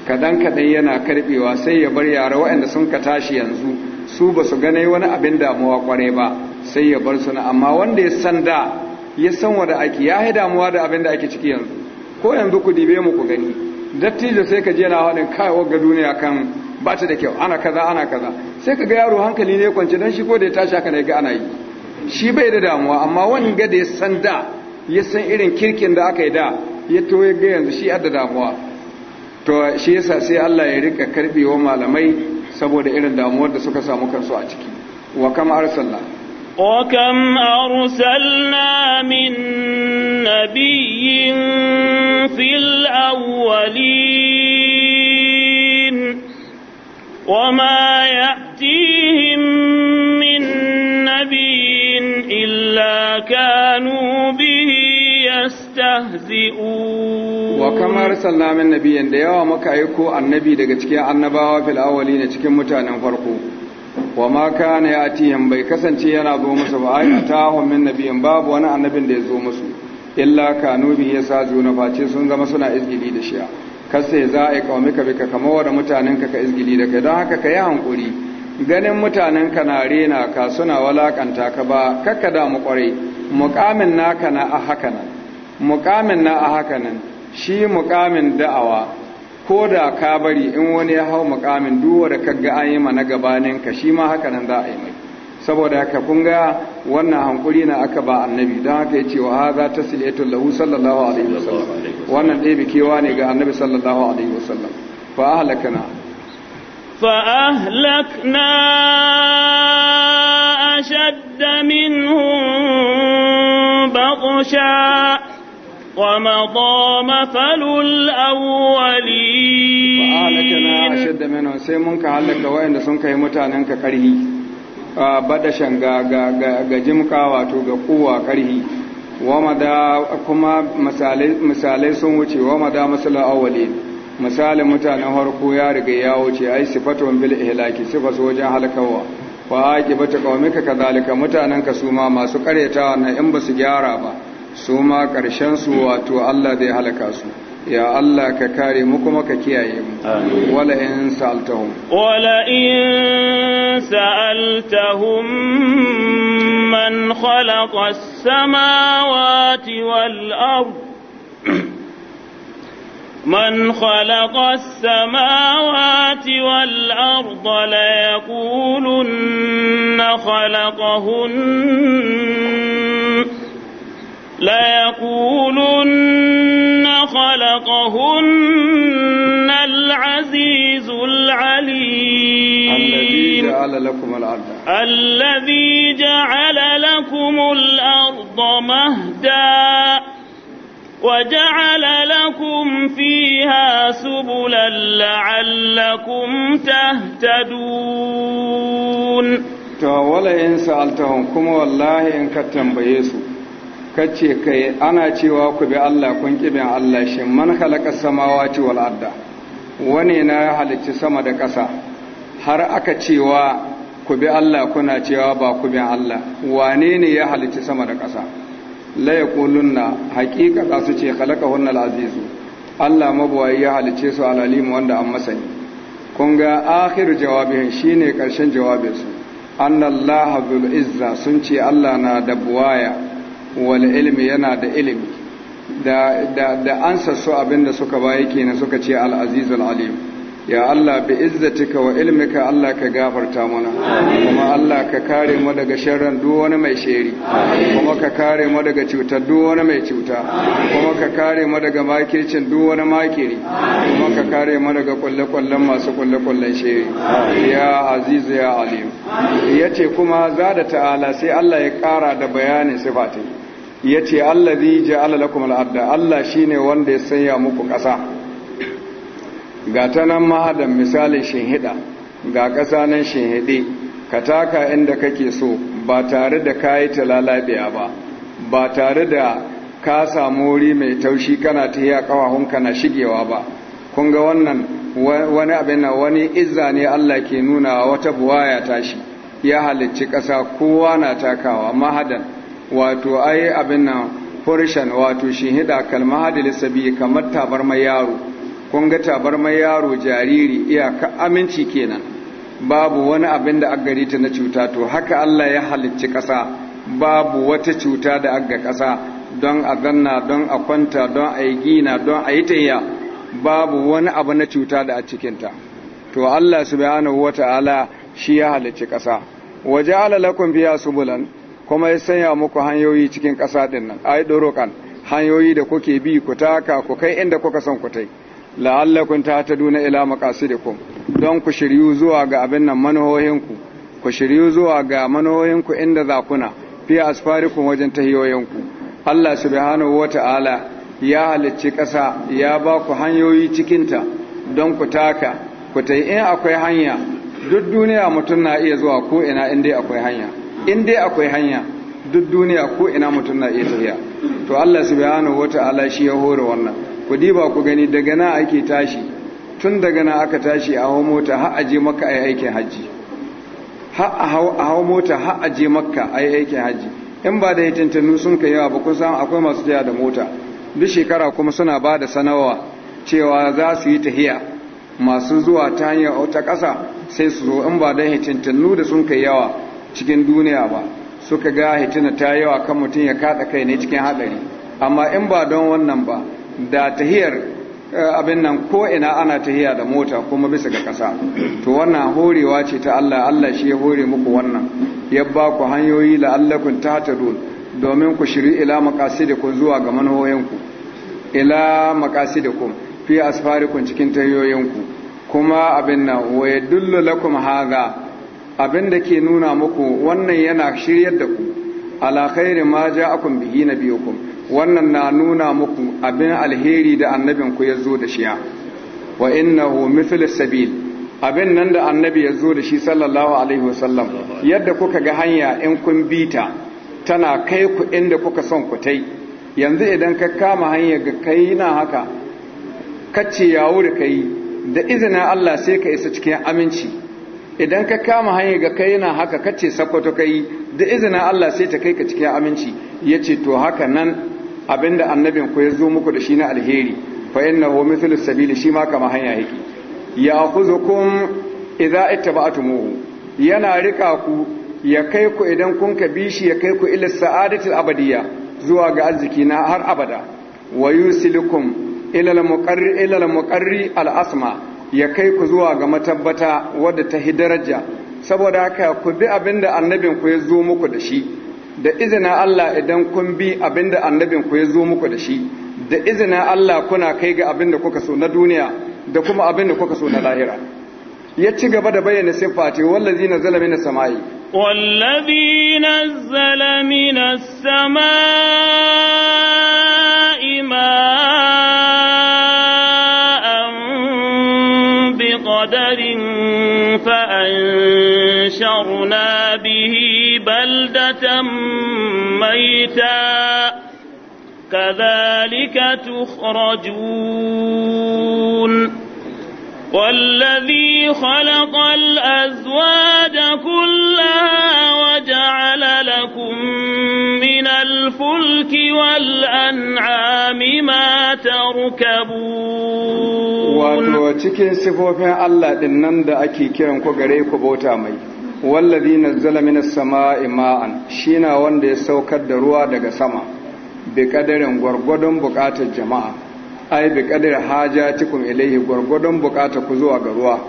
kadan kadan yana karbewa sai ya bar yara waɗanda sun ka tashi yanzu su ba su gane wani abin damuwa kwarai ba sai ya bar su na amma wanda ya san da ya san wanda ake ya damuwa da abin da ake ciki yanzu ko yanzu ku dibe mu ku gani dattijo sai ka je na wani kai ga duniya kan ba ta da kyau ana kaza ana kaza sai ka ga yaro hankali ne kwance don shi ko da ya tashi haka ne ga ana yi shi bai da damuwa amma wani ga da ya san da ya san irin kirkin da aka yi da ya to ya ga yanzu shi da damuwa to shi yasa sai Allah ya rika wa malamai saboda irin damuwar da suka samu kansu a ciki wa kama arsalla وكم أرسلنا من نبي في الأولين وما يأتيهم من نبي إلا كانوا به yastahzi'un wa kama arsalna min nabiyyin da yawa muka aiko annabi daga cikin annabawa fil awwalin cikin mutanen farko wa ma kana ya bai kasance yana zo musu ba ai atahu min nabiyin babu wani annabin da ya zo musu illa kanu bi yasa juna face sun zama suna izgili da shiya kasai za a yi kaumika bika kamar wa mutanenka ka izgili da kai don haka ka yi hankuri ganin mutanen ka na rena ka suna walakanta ka ba kakka da mu kwarai mukamin naka na a hakanan muqamin na a hakanan shi mukamin da'awa ko da ka bari in wani ya hau makamin duwa da kaga an yi mana gabanin ka shi ma haka nan za a yi mai saboda haka kunga ga wannan hankuri na aka ba annabi don haka ya ce wa haza ta siletun lahu sallallahu alaihi wasallam wannan ɗaya bikewa ne ga annabi sallallahu alaihi wasallam fa na fa ahlakna ashadda minhum batsha ومضى مثل الأولين وآلكنا أشد منه سيمونك عالك وين سنك يمتانن ككره بدشن قوة كره ومدى كما misalai sun wuce wa mada masala misalin mutanen harko ya riga ya wuce ai sifatun bil ihlaki sifa su wajen halakawa wa aqibatu qaumika kadhalika mutanen ka suma masu karyatawa na in ba gyara ba su ma su wato Allah zai halaka su ya Allah ka kare mu kuma ka kiyaye mu wala in sa'altahum wala in sa'altahum man khalaqa as-samawati wal ard من خلق السماوات والأرض ليقولن خلقهن ليقولن خلقهن العزيز العليم الذي جعل لكم الأرض الذي جعل لكم الأرض مهدا وجعل لكم فيها سبلا لعلكم تهتدون to wala in sa'altahum kuma wallahi in ka kace kai ana cewa ku bi Allah kun kibe Allah shi man khalaqa samawati wal arda wane na halicci sama da ƙasa har aka cewa ku bi Allah kuna cewa ba ku bi Allah wane ne ya halicci sama da ƙasa la yaqulunna haqiqa za su ce khalaqahunna al azizu Allah mabuwayi ya halicce su al alim wanda an masani kun ga akhir jawabin shine karshen jawabinsu annallaha bil izza sun ce Allah na da buwaya wal ilmi yana da ilimi da da da ansa su abinda suka baya kenan suka ce al azizul alim ya Allah bi izzatika wa ilmika Allah ka gafarta mana kuma Allah ka kare mu daga sharran duk wani mai sheri kuma ka kare mu daga cutar duk wani mai cuta kuma ka kare mu daga makircin duk wani makiri kuma ka kare mu daga kulle-kullen masu kulle-kullen sheri ya azizu ya alim yace kuma zada ta'ala sai Allah ya kara da bayanin sifatin ya ce allazi ja'ala lakum al'adda Allah shine wanda ya sanya muku ƙasa ga ta nan mahadan misalin shinhida ga ƙasa nan shinhide ka taka inda kake so ba tare da ka kayi talalabiya ba ba tare da ka samu wuri mai taushi kana ta yi a ƙawahunka na shigewa ba kun ga wannan wani abin na wani izza ne Allah ke nuna wata buwaya tashi ya halicci ƙasa kowa na takawa mahadan wato ai abin nan furshen wato shi hida kalma hadil sabi kamar tabar mai yaro kun ga tabar mai yaro jariri iyaka aminci kenan babu wani abin da aggari ta na cuta to haka Allah ya halicci ƙasa babu wata cuta da agga ƙasa don a ganna don a kwanta don a yi gina don a yi tayya babu wani abu na cuta da a cikinta to Allah subhanahu wata'ala shi ya halicci ƙasa waje alalakum biya subulan kuma ya sanya muku hanyoyi cikin ƙasa ɗin nan ai dorokan hanyoyi da kuke bi ku taka ku kai inda kuka son ku tai ta duna ila ku don ku shiryu zuwa ga abin nan manohoyinku ku shiryu zuwa ga manohoyinku inda za kuna fi asfarikum wajen tahiyoyinku Allah subhanahu Ta'ala ya halicci ƙasa ya ba ku hanyoyi cikinta don ku taka ku tai in akwai hanya duk duniya mutum na iya zuwa ko ina in dai akwai hanya in dai akwai hanya duk duniya ko ina mutum na iya tafiya to Allah subhanahu wata'ala shi ya hore wannan ku diba ku gani daga na ake tashi tun daga na aka tashi a hawo mota har a je maka ai aikin haji a hawo mota har a maka ai aikin haji in ba da hitintanu sun kai yawa ba kun san akwai masu tafiya da mota duk shekara kuma suna ba da sanarwa cewa za su yi tahiya masu zuwa ta hanyar ta ƙasa sai su zo in ba da hitintanu da sun kai yawa cikin duniya ba suka ga hitina ta yawa kan mutum ya kada kai ne cikin haɗari amma in ba don wannan ba da tahiyar eh, abin nan ko ina ana tahiya da mota kuma bisa ga ƙasa to wannan horewa ce ta Allah Allah shi ya hore muku wannan ya ba ku hanyoyi ta tahtadun domin ku shiri ila maqasidikum zuwa ga manhoyanku ila maqasidikum fi asfarikum cikin tayoyinku kuma abin nan wa yadullu lakum haga abin da ke nuna muku wannan yana shiryar da ku ala khairi ma ja'akum bihi nabiyukum wannan na nuna muku abin alheri da annabin ku yazo da shiya wa innahu mithlu sabil abin nan da annabi yazo da shi sallallahu alaihi wasallam yadda kuka ga hanya in kun bita tana kai ku inda kuka son ku tai yanzu idan ka kama hanya ga kai na haka kace yawo da kai da izinin Allah sai ka isa cikin aminci idan ka kama hanyar ga kai yana haka kace sakwato kai da izinin Allah sai ta kai ka cikin aminci yace to haka nan abinda annabin ku ya zo muku da shi na alheri fa innahu mithlu sabili shi ma kama hanya yake ya'khuzukum idza ittaba'tumuhu yana rika ku ya kai ku idan kun ka bi shi ya kai ku ila sa'adatil abadiyya zuwa ga arziki na har abada wa yusilukum ila al-muqarri ila al-muqarri al-asma ya kai ku zuwa ga matabbata wadda ta hi daraja saboda haka ku bi abinda annabin ku ya zo muku da shi da izina Allah idan kun bi abinda annabin ku ya zo muku da shi da izina Allah kuna kai ga abinda kuka so na duniya da kuma abinda kuka so na lahira ya ci gaba da bayyana siffati wallazi nazala na samai wallazi nazala na samai ma فأثرنا به بلدة ميتا كذلك تخرجون والذي خلق الأزواج كلها وجعل لكم من الفلك والأنعام ما تركبون wato cikin sifofin Allah ɗin nan da ake kiran ku gare ku bauta mai wallazi nazzala minas sama'i ma'an shina wanda ya saukar da ruwa daga sama bi kadarin gwargwadon bukatar jama'a ai bi kadar hajatikum ilaihi gwargwadon bukatar ku zuwa ga ruwa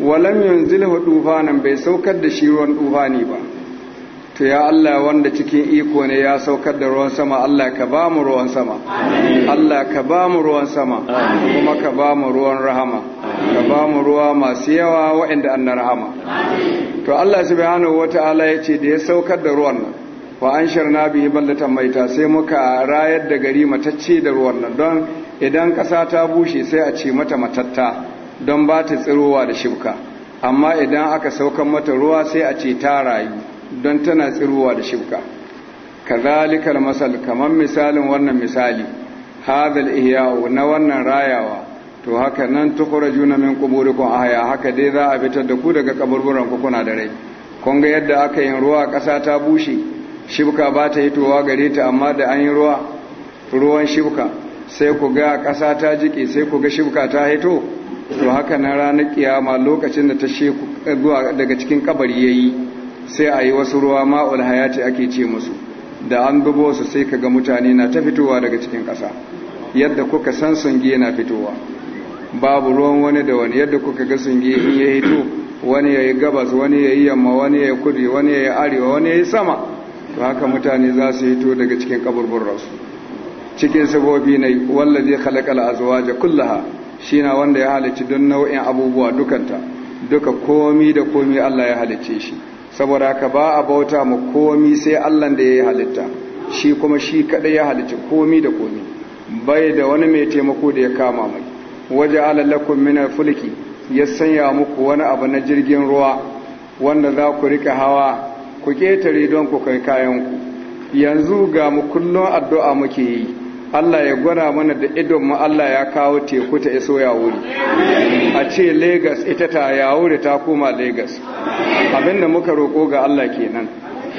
walam yanzilhu dufanan bai saukar da shi ruwan dufani ba to ya Allah wanda cikin iko ne ya saukar da ruwan sama Allah ka ba mu ruwan sama Allah ka ba mu ruwan sama kuma ka ba mu ruwan rahama ka ba mu ruwa masu yawa waɗanda an na rahama to Allah subhanahu wata'ala ya ce da ya saukar da ruwan nan wa an sharna bihi ballatan maita sai muka rayar da gari matacce da ruwan nan don idan ƙasa ta bushe sai a ce mata matatta don ba ta tsirowa da shibka amma idan aka saukan mata ruwa sai a ce ta rayu don tana tsirowa da shibka kazalikal masal kaman misalin wannan misali hadal ihya'u na wannan rayawa to haka nan tukhrajuna min quburikum ahya haka dai za a fitar da ku daga kaburburan ku kuna da rai kun ga yadda aka yin ruwa ƙasa ta bushe shibka ba ta hitowa gare ta amma da an yi ruwa ruwan shibka sai ku ga ƙasa ta jike sai ku ga shibka ta hito to haka nan ranar kiyama lokacin da ta sheku zuwa daga cikin kabari yayi sai a yi wasu ruwa ma'ul hayati ake ce musu da an dubo su sai kaga mutane na ta fitowa daga cikin ƙasa yadda kuka san sungi yana fitowa babu ruwan wani da wani yadda kuka ga sungi in ya hito wani ya yi gabas wani ya yi yamma wani ya yi kudi wani ya yi arewa wani ya yi sama to haka mutane za su hito daga cikin rasu. cikin sabobi na wallazi khalaqal azwaja kullaha na wanda ya halicci don nau'in abubuwa dukanta duka komi da komi Allah ya halicce shi saboda ka ba a bauta mu komi sai allah da ya yi halitta shi kuma shi kaɗai ya halicci komi da komi bai da wani mai taimako da ya kama mai waje alalakun minar fulki ya sanya muku wani abu na jirgin ruwa wanda za ku rika hawa ku ƙetare don ku kai kayan ku yanzu ga mu kullum addu'a muke yi Allah ya gwada mana da idon mu Allah ya kawo teku ta iso ya wuri a ce Legas ita ta ya wuri ta koma Legas abinda muka roƙo ga Allah kenan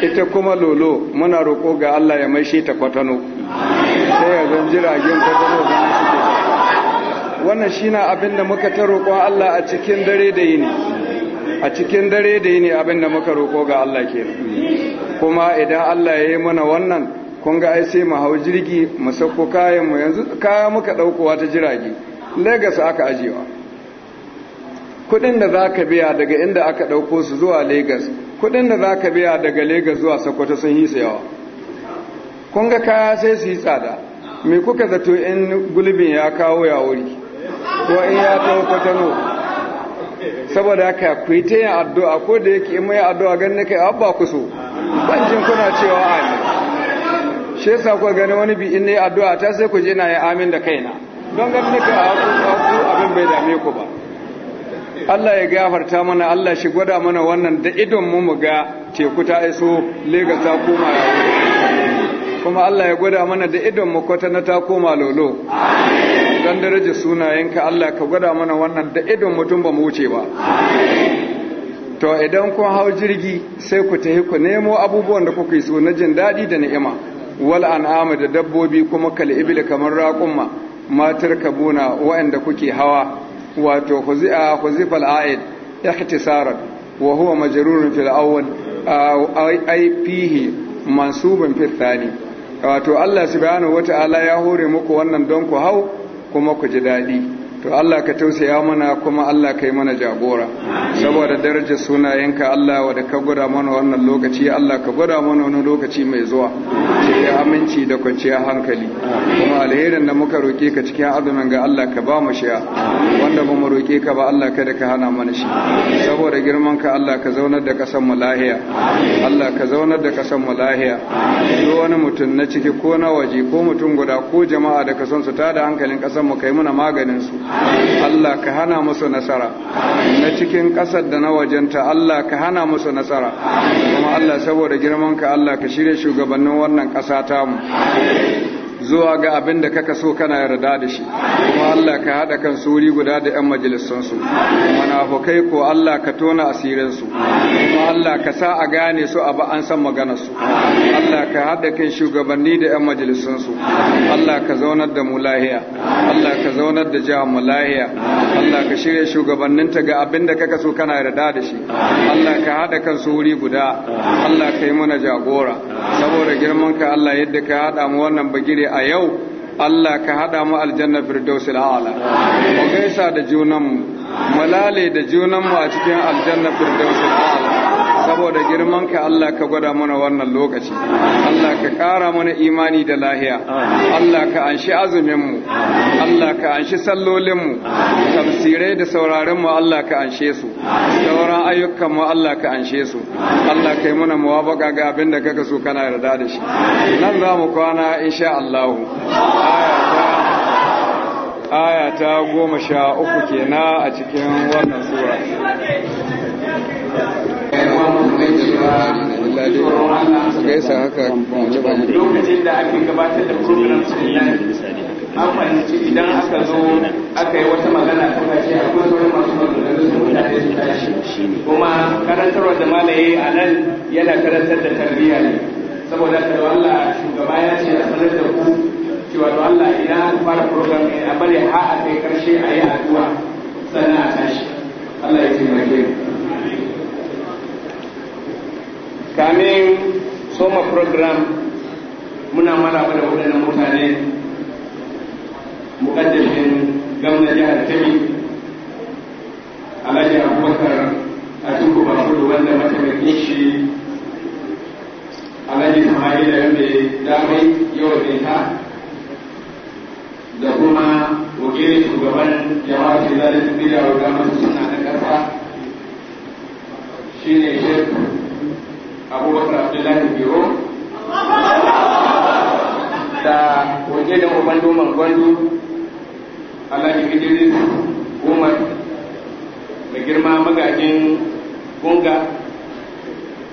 ita kuma lolo muna roƙo ga Allah ya maishe ta kwatano sai ya zan jiragen kwatano ga wannan shine abinda muka ta roƙo Allah a cikin dare da yini a cikin dare da yini abin da muka roƙo ga Allah kenan kuma idan Allah ya yi mana wannan kun ga ai sai mu hau jirgi mu sauko kayan mu yanzu kaya muka daukowa ta jirage Lagos aka ajewa kudin da zaka biya daga inda aka dauko su zuwa Lagos kudin da zaka biya daga Lagos zuwa Sokoto sun yi sayawa kun ga kaya sai su yi tsada me kuka zato in gulbin ya kawo ya wuri ko in ya tawo kwatano saboda haka ku yi ta yin addu'a ko da yake in mai addu'a ganin kai abba ku so ban jin kuna cewa amin shi yasa ku gani wani bi in yi addu'a ta sai ku je na yi amin da kaina don ga nika a ku abin bai dame ku ba Allah ya gafarta mana Allah shi gwada mana wannan da idon mu mu ga teku ta iso Legas ta koma kuma Allah ya gwada mana da idon mu kwatana ta koma lolo amin dan daraja sunayenka Allah ka gwada mana wannan da idon mutum ba mu wuce ba to idan kun hau jirgi sai ku tafi ku nemo abubuwan da kuka yi so na jin daɗi da ni'ima wal an'ama da dabbobi kuma kal kamar raƙumma matar kabuna wa'anda kuke hawa wato khuzi'a khuzifal a'id ihtisaran wa huwa majrurun fil awwal ay fihi mansubun fil thani wato Allah subhanahu wata'ala ya hore muku wannan don ku hau kuma ku ji dadi to Allah ka tausaya mana kuma Allah ka yi mana jagora saboda darajar sunayenka Allah wadda ka gwada mana wannan lokaci Allah ka gwada mana wani lokaci mai zuwa ya aminci da kwanciyar hankali kuma alherin da muka roƙe ka cikin azumin ga Allah ka ba mu shiya wanda ba mu roƙe ka ba Allah kada ka hana mana shi saboda girman ka Allah ka zaunar da ƙasar mu lahiya Allah ka zaunar da ƙasar mu lahiya duk wani mutum na ciki ko na waje ko mutum guda ko jama'a da ka son su tada hankalin ƙasar mu kai muna maganin su Allah ka hana musu nasara na cikin ƙasar da na wajenta Allah ka hana musu nasara kuma Allah saboda girman ka Allah ka shirye shugabannin wannan ƙasar. ƙasa mu zuwa ga abin da kaka so kana yarda da shi kuma Allah ka haɗa kan suri guda da ‘yan majalisansu munafukai ko Allah ka tona asirinsu kuma Allah ka sa a gane su a ba an san maganarsu Allah ka haɗa kan shugabanni da ƴan majalisansu Allah ka zaunar da mu lahiya Allah ka zaunar da jihar mu lahiya Allah ka shirya shugabanninta ga abin da kaka so kana yarda da shi Allah ka haɗa kan suri guda Allah ka yi mana jagora saboda girman ka Allah yadda ka haɗa mu wannan bagire a yau Allah ka haɗa mu aljanna firdausil a'la mu gaisa da junanmu mu lale da junanmu a cikin aljanna firdausil a'la saboda girman ka Allah ka gwada mana wannan lokaci Allah ka ƙara mana imani da lahiya Allah ka anshi azumin mu Allah ka anshi sallolin mu tafsirai da sauraron mu Allah ka anshe su sauran ayyukan mu Allah ka anshe su Allah ka yi mana muwafaka ga abin da kaka so kana yarda da shi nan za mu kwana insha Allah aya ta goma sha uku kenan a cikin wannan sura gaisa haka lokacin da ake gabatar da program sunan an fahimci idan aka zo aka yi wata magana ta kace akwai sauran masu magana su mutane su tashi kuma karantarwa da malaye a nan yana karantar da tarbiyya ne saboda ka da Allah shugaba ya ce a sanar da ku cewa da Allah idan fara program a bari har a kai karshe a yi addu'a sannan a tashi Allah ya taimake mu kamin soma program muna malaba da waɗannan mutane mukaddashin gwamnan jihar kebbi alhaji abubakar a tuku bakudu wanda mataimakin shi alhaji samari da yadda damai yawan binta da kuma wakilin shugaban jama'a zai tafi da wadda masu suna na ƙasa shine shekaru abubakar abdullahi biro da waje da uban doman gwandu alhaji idris umar mai girma magajin gunga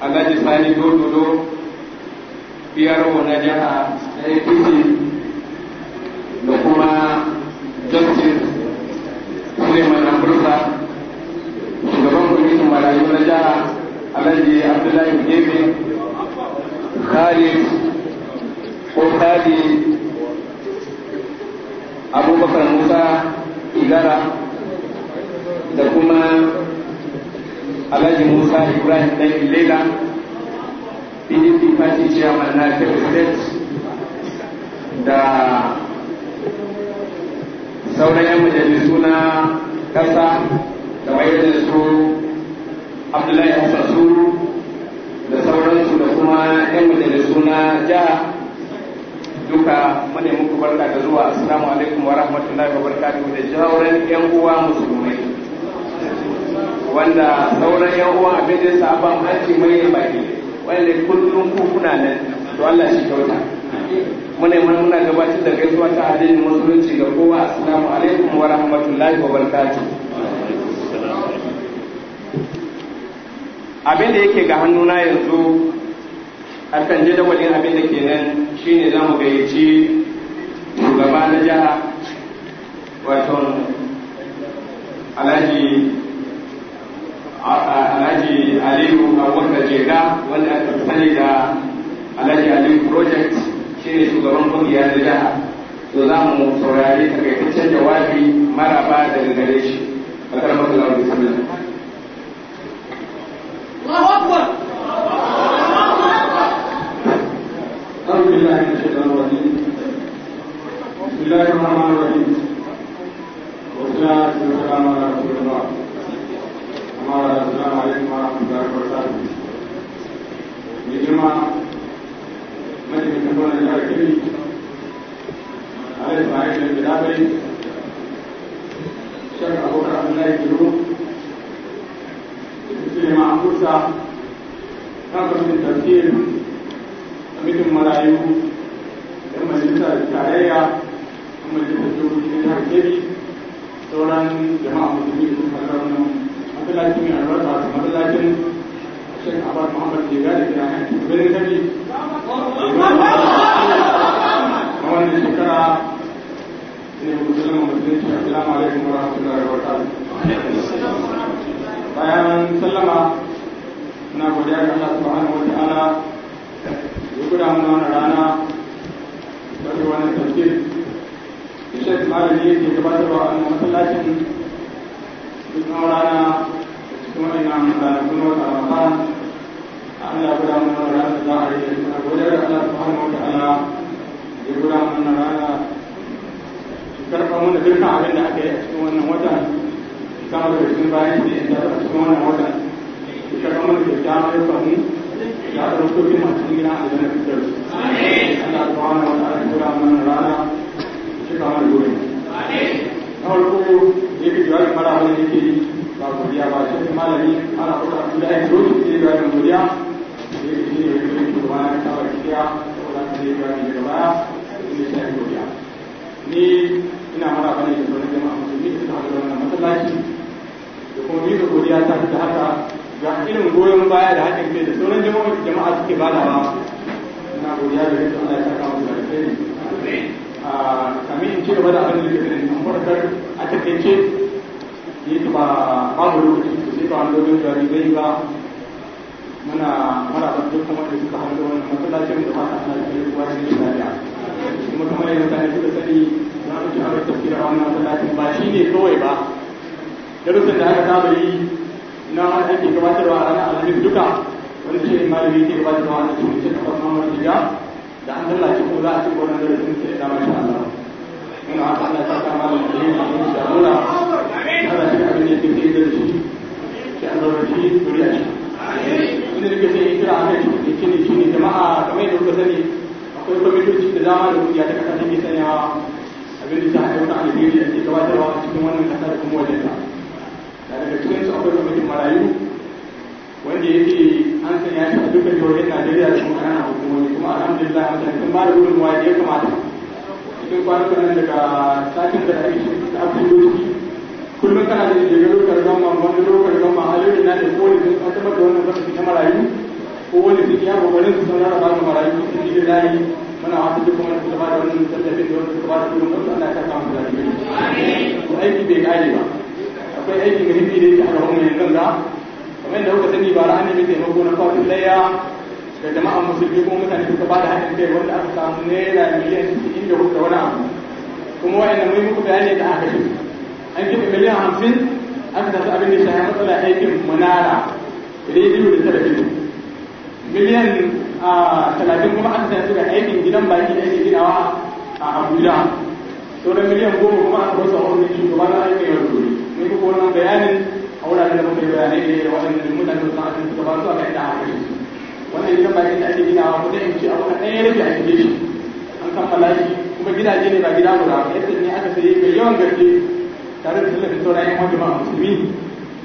alhaji sani dododo biyar na jiha da ya shi chairman na kebbi state da sauran yan majalisu na kasa da bayyana su abdullahi hassan suru da sauransu da kuma yan majalisu na ja duka mune muku barka da zuwa assalamu alaikum wa rahmatullahi wa barakatuhu da jauren yan uwa musulmai wanda sauran yan uwa abin da ya saba hanci mai baki wanda kullum ku kuna nan to Allah shi kyauta muna yi muna gabatar da gaisuwa ta addinin musulunci ga kowa assalamu alaikum wa rahmatullahi wa barakatuh abin da yake ga hannuna yanzu a kan jadawalin abin da ke nan shine za mu gayyaci shugaba na jiha wato alhaji alhaji aliyu abubakar jega wanda aka sani da alhaji aliyu project shi ne shugaban kungiya da jiha to za mu saurari takaitaccen jawabi maraba daga gare shi a karfafa lauru bismillah أعوذ بالله من الشيطان الرجيم بسم الله الرحمن الرحيم والصلاة والسلام على رسول الله السلام علیکم اللہ وبرکاتہ take sanyawa abin da ta haifar da alheri da ke gabatarwa a cikin wannan kasa da kuma wajen ta da daga cikin su akwai kwamitin marayu wanda yake an sanya shi a dukkan jihohin najeriya da kuma ƙananan hukumomi kuma alhamdulillah an sanya sun ba da gudunmuwa da ya kamata cikin kwanukan nan daga satin da ake shi da abin kullum kana da jirgin rukar gama wani rukar gama halin da na da kone sun tabbatar wannan kwamitin na marayu هو اللي فيك يا مبارك سنة بعد مبارك في الله من عاطف لكم أن تبارك وأن تستفيد وأن تبارك لكم أن لا تفهم ذلك وأيك بيك عالبا أقول أيك من هبي ليك على هم الزمدة ومن لو تسني بارعني بيتي مبون قوة الليا كجماعة مسلمين مثلا في تبارك هذا الشيء وأن أفهم نيلا مليان تسعين له ولا عمل kuma wa'annan mai muku bayani da aka yi an kiɓe miliyan hamsin an tafi abin da shi ya matsala aikin munara rediyo da talabijin miliyan ah, talatin kuma aka tafi da aikin gidan baki da ake ginawa a abuja sauran miliyan goma kuma aka bauta a wani shugaba na aikin yau da ne kuma wannan bayanin a wuraren da muka yi bayanai ne da waɗannan mutane da aka suka ba su a kai da hankali wannan gidan baki da ake ginawa kuma in ce abu ɗaya rage a cikin shi an kammala shi kuma gidaje ne ba gida guda ba yadda ne aka sayi mai yawan gaske tare da tallafin sauran 'yan wajen musulmi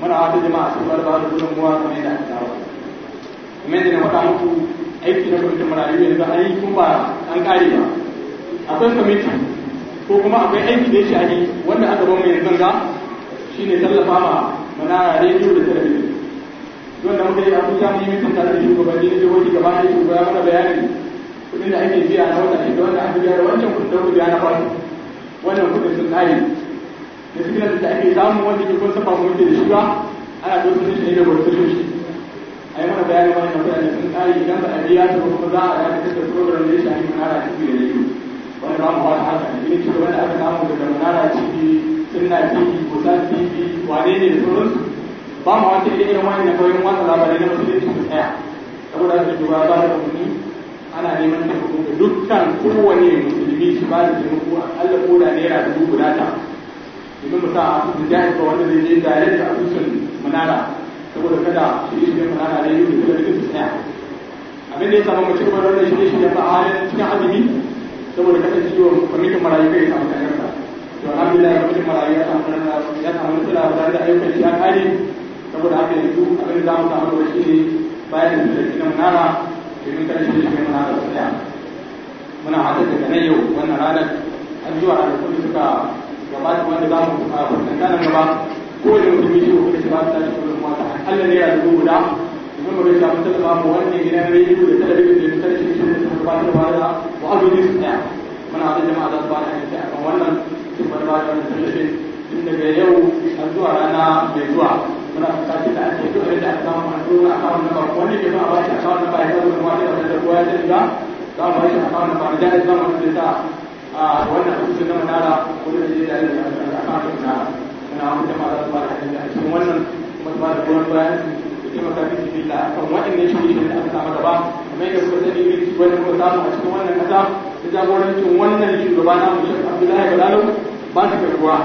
mana wata jama'a sun barba da gudunmuwa kamar yadda aka dawo kuma yadda na faɗa muku aiki na kwamitin marayu yanzu an yi kuma an ƙare ba akwai kwamiti ko kuma akwai aiki da ya yi wanda aka bamu yanzu ga ne tallafa ma manara rediyo da talabijin don da muka yi abuja mu yi mutum tare da shugabanni na jihohi gaba da ya mana bayani kuɗin da ake biya na wata da wanda aka biya da wancan kuɗin da biya na faru wannan kuɗin sun ƙare da sigilar da ake samun wanda ke kun safa mu da ba ana da shi ne da wasu shi a yi mana bayani wani mutane sun kare idan ba a biya ta kuma za a dakatar da program da ya shafi manara tv da rediyo wani ba mu fara haka ne ne cikin wanda aka samu daga manara tv sunna tv busan ciki wane ne da sauransu ba mu wata irin wani na kawai wata labarai na musulunci su tsaya saboda haka duba ba da musulmi ana neman taimako da dukkan kowane musulmi shi ba da taimako akalla ko da naira dubu guda ta domin mu sa a da jahil wanda zai je da yadda asusun manara saboda kada shi shi mun hana da yi da rikin tsaya abin da ya samu mace kuma wannan shi shi ya fa cikin azumi saboda kada shi wa kwamitin marayu kai samu kanarsa to alhamdulillah kwamitin marayu ya samu kanarsa ya samu nasara tare da ayyukan shi ya kare saboda haka yanzu abin da za mu samu da shi ne bayan da shi na munara domin kada shi shi mun hana da tsaya muna haɗa daga nan yau wannan ranar abubuwa da kuma suka gabata wanda za mu kuma wannan ranar gaba kowane mutum ya ce ko kuma shi ba su tashi Allah ne ya zo guda kuma bai samu talaba mu wannan ne rediyo da talabijin da talabijin sun da gabatar ba da wa'azoji ne tsaya muna da jama'a da su ba da yanci akan wannan sun ba da wannan talabijin tun daga yau har zuwa rana mai zuwa muna fata da ake duk da aka samu a zuwa a kawo na ba wani ke ba a bashi kawo na ba ya zo kuma da wanda kowa ya riga za mu bashi a kawo na ba da jami'a zama da ta a wannan hukuncin na manara ko da da da a kawo na manara mutum a da ba da yanci a cikin wannan kuma ba bayan su da taimaka fi billa a da aka samu gaba sani mai wani kuma samu a cikin wannan kasa da jagorancin wannan shugaba na mu shek abdullahi balalu ba su karbuwa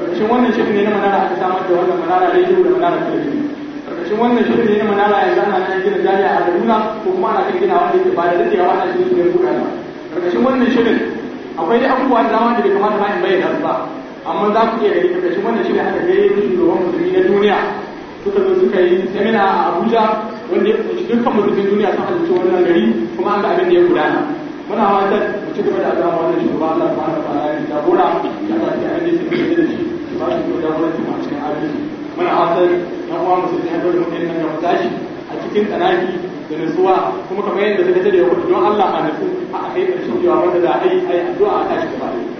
ƙarƙashin wannan shirin ne na manara aka samar da wannan manara rediyo da manara talabijin wannan shirin ne na manara yanzu ana kan gina jami'a a kaduna ko kuma ana kan gina wanda ke ba da shirin wannan shirin akwai abubuwa da dama da bai kamata ma in bayyana ba amma za ku iya gani kashi wanda shi ne aka gaya da shugaban musulmi na duniya suka zo suka yi semina a Abuja wanda ya kunshi dukkan musulmin duniya sun halittu wannan gari kuma an ga abin da ya gudana muna wata mu ci gaba da azama wannan shugaba Allah subhanahu wa ta'ala ya jagora ya ba shi abin da yake da shi ba shi jagoranci a cikin abin muna wata na uwa musulmi ya dole mutum nan ya tashi a cikin tsanaki da nutsuwa kuma kamar yadda ta da ya kudu don Allah a nutsu a kai ƙarshen yawa wanda da ai ai addu'a a tashi gaba ɗaya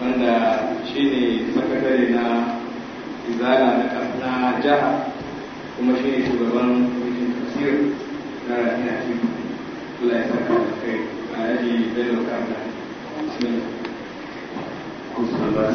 wanda shi ne sakatare na izala na jiha kuma shi ne shugaban kwamitin tasir na rafiya tv Allah ya saka da kai a yaji zai lauka da bismillah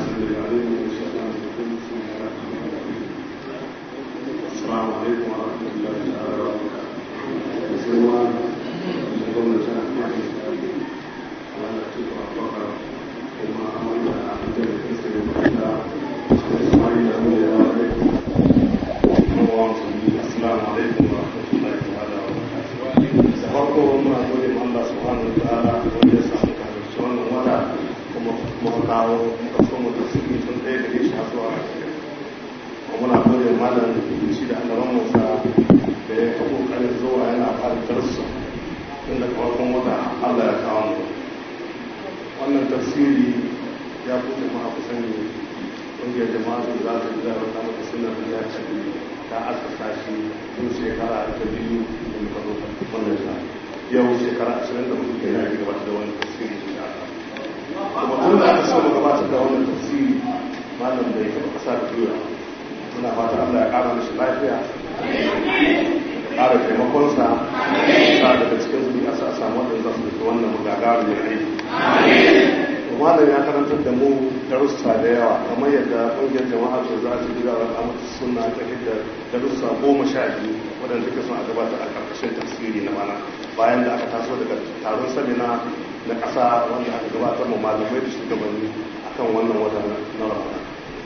ƙasa wanda aka gabatar ma malamai da shugabanni akan wannan watan na ramadan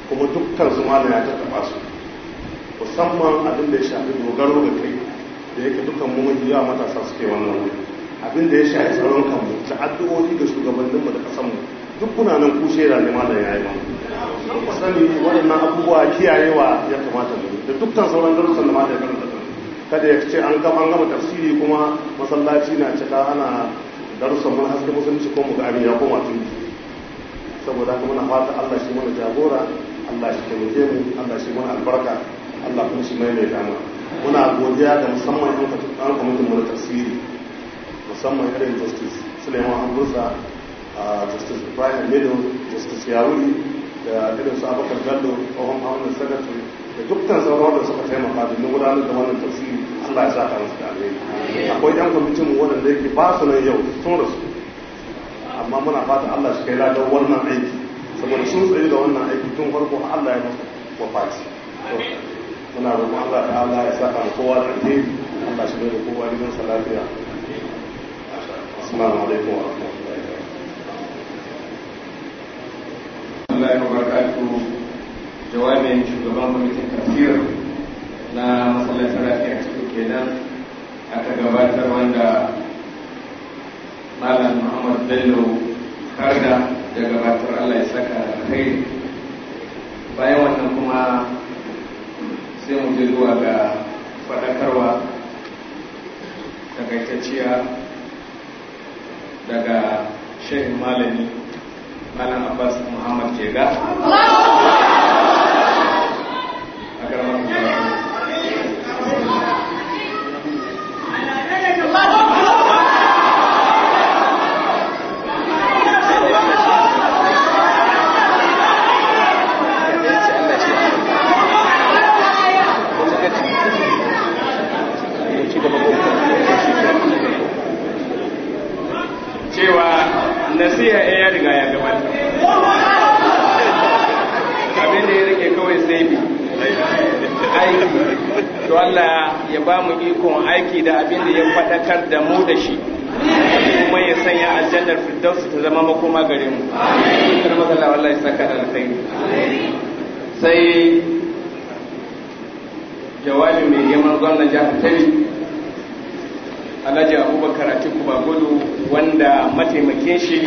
kuma dukkan su malam ya taɓa su musamman abin da ya shafi dogaro ga kai da yake dukkan mu mafi yawa matasa suke wannan wani abin da ya shafi tsaron kanmu da addu'o'i ga mu da mu duk kuna nan kushe da ne malam ya yi mana ku sani waɗannan abubuwa kiyayewa ya kamata mu da dukkan sauran darussan da malam ya karanta kada ya ce an gama tafsiri kuma masallaci na cika ana darussan mun haske musulunci ko muka abin ya koma tun saboda haka muna fata Allah shi mana jagora Allah shi taimake mu Allah shi mana albarka Allah kuma shi mai mai dama muna godiya ga musamman yan an kwamitin mu na tafsiri musamman irin justice Suleiman Hambursa justice Ibrahim Medo justice Yawuri da irin su Abubakar Gallo tsohon Amina sagatu da dukkan sauran da suka taimaka domin gudanar da wannan tafsiri Allah ya saka musu da alheri akwai yan kwamitin waɗanda yake ba su nan yau sun rasu amma muna fata Allah shi kai ladan wannan aiki saboda sun tsaye da wannan aiki tun farko Allah ya musu wafati muna roƙon Allah ta Allah ya saka mu kowa da alheri Allah shi mai da kowa gidan sa lafiya assalamu alaikum wa rahmatullahi Allah ya barakatuhu jawabin shugaban kwamitin tafiyar na masallacin lafiya kenan aka gabatar wanda malam muhammad bello karda da gabatar allah ya saka kai bayan wannan kuma sai mu je zuwa ga faɗakarwa takaitacciya daga shehin malami malam abbas muhammad jega a karamar nasiha in eh, ya riga ya gabata abin da ya rike kawai sai bi aiki Allah ya ba mu ikon aiki da abin da ya faɗakar da mu da shi kuma ya sanya aljannar firdaus ta zama makoma gare mu kar matsala Allah ya saka alkhairi sai jawabi mai girman gwamnan jihar Kebbi alhaji abubakar atiku gudu wanda mataimakin shi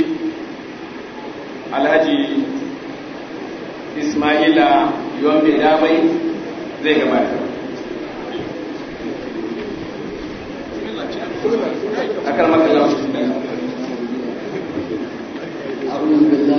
alhaji ismaila yombe damai zai gabata akar makalla أعوذ بالله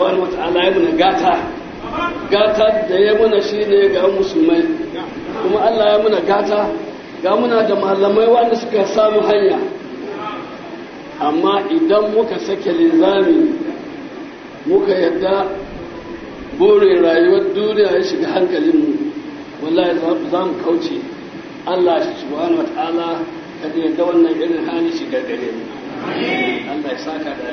subhanahu wataala ya muna gata gata da ya muna shine ga musulmai kuma Allah ya muna gata ga muna da malamai wanda suka samu hanya amma idan muka sake linzami muka yadda burin rayuwar duniya ya shiga hankalinmu wallahi za mu kauce Allah shi subhanahu wataala ka wannan irin hali shiga gare mu Allah ya saka da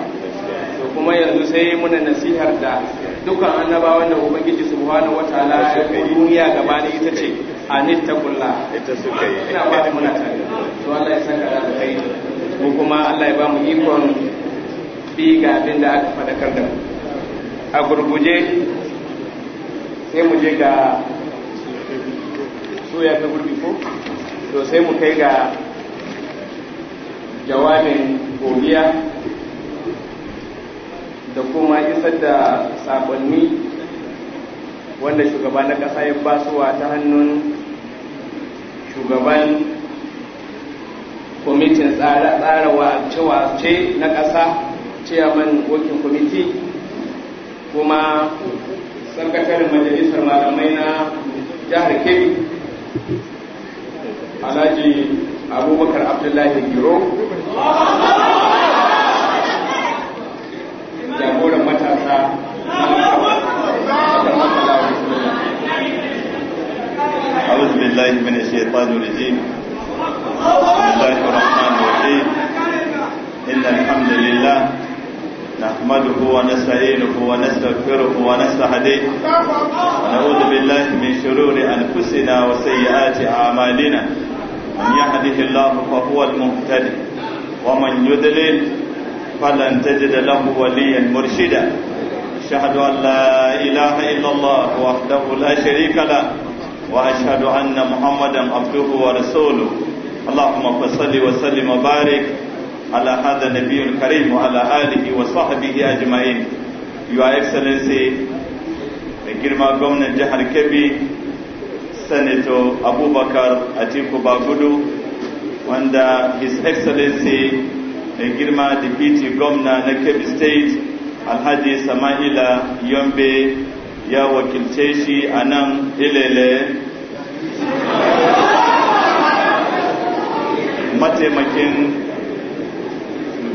kuma yanzu sai muna nasihar da dukkan annabawan da ubangiji subhanahu wataala ya kai duniya gaba da ita ce anittaqulla ita su yi ina ba muna tare to Allah ya saka da kai mu kuma Allah ya ba mu ikon bi ga abin da aka fadakar da mu a gurguje sai mu je ga ya ta gurbi ko to sai mu kai ga jawabin godiya da kuma isar da saƙonni wanda shugaba na ƙasa ya basuwa ta hannun shugaban kwamitin wa cewa ce na ƙasa ciyaman wakin kwamiti kuma sarkatar majalisar malamai na jihar kebbi alhaji abubakar abdullahi giro أعوذ بالله من الشيطان الرجيم بسم الله الرحمن الرحيم إن الحمد لله نحمده ونستعينه ونستغفره ونستهديه ونعوذ بالله من شرور أنفسنا وسيئات أعمالنا من يهده الله فهو المهتدي ومن يضلل فلن تجد له وليا مرشدا أشهد أن لا إله إلا الله وحده لا شريك له وأشهد أن محمدا عبده ورسوله اللهم فصل وسلم وبارك على هذا النبي الكريم وعلى آله وصحبه أجمعين Your Excellency mai girma gwamnan jihar Kebbi Senator Abubakar Atiku Bagudu wanda uh, His Excellency mai girma Deputy Gwamna na Kebbi State Alhaji Sama'ila Yombe ya wakilce shi a nan ilele mataimakin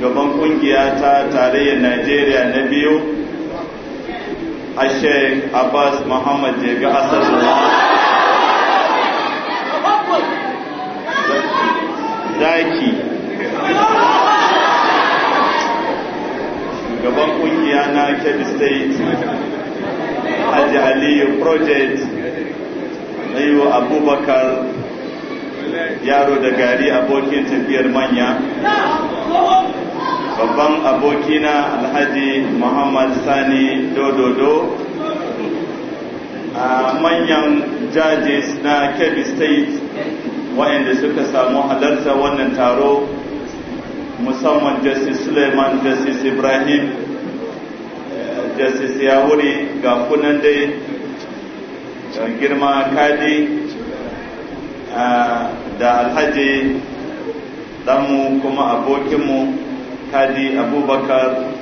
gaban kungiya ta tarayyar najeriya na biyu a abbas muhammad jega asar zaki gaban kungiya na kebbi state Haji aliyu project na abubakar yaro da gari abokin tafiyar manya babban abokina alhaji muhammad sani dododo a manyan judges na kebbi state wa'anda suka samu halarta wannan taro musamman justice suleiman justice ibrahim justice ya wuri ga kunan dai girma kadi da alhaji damu kuma abokinmu kadi abubakar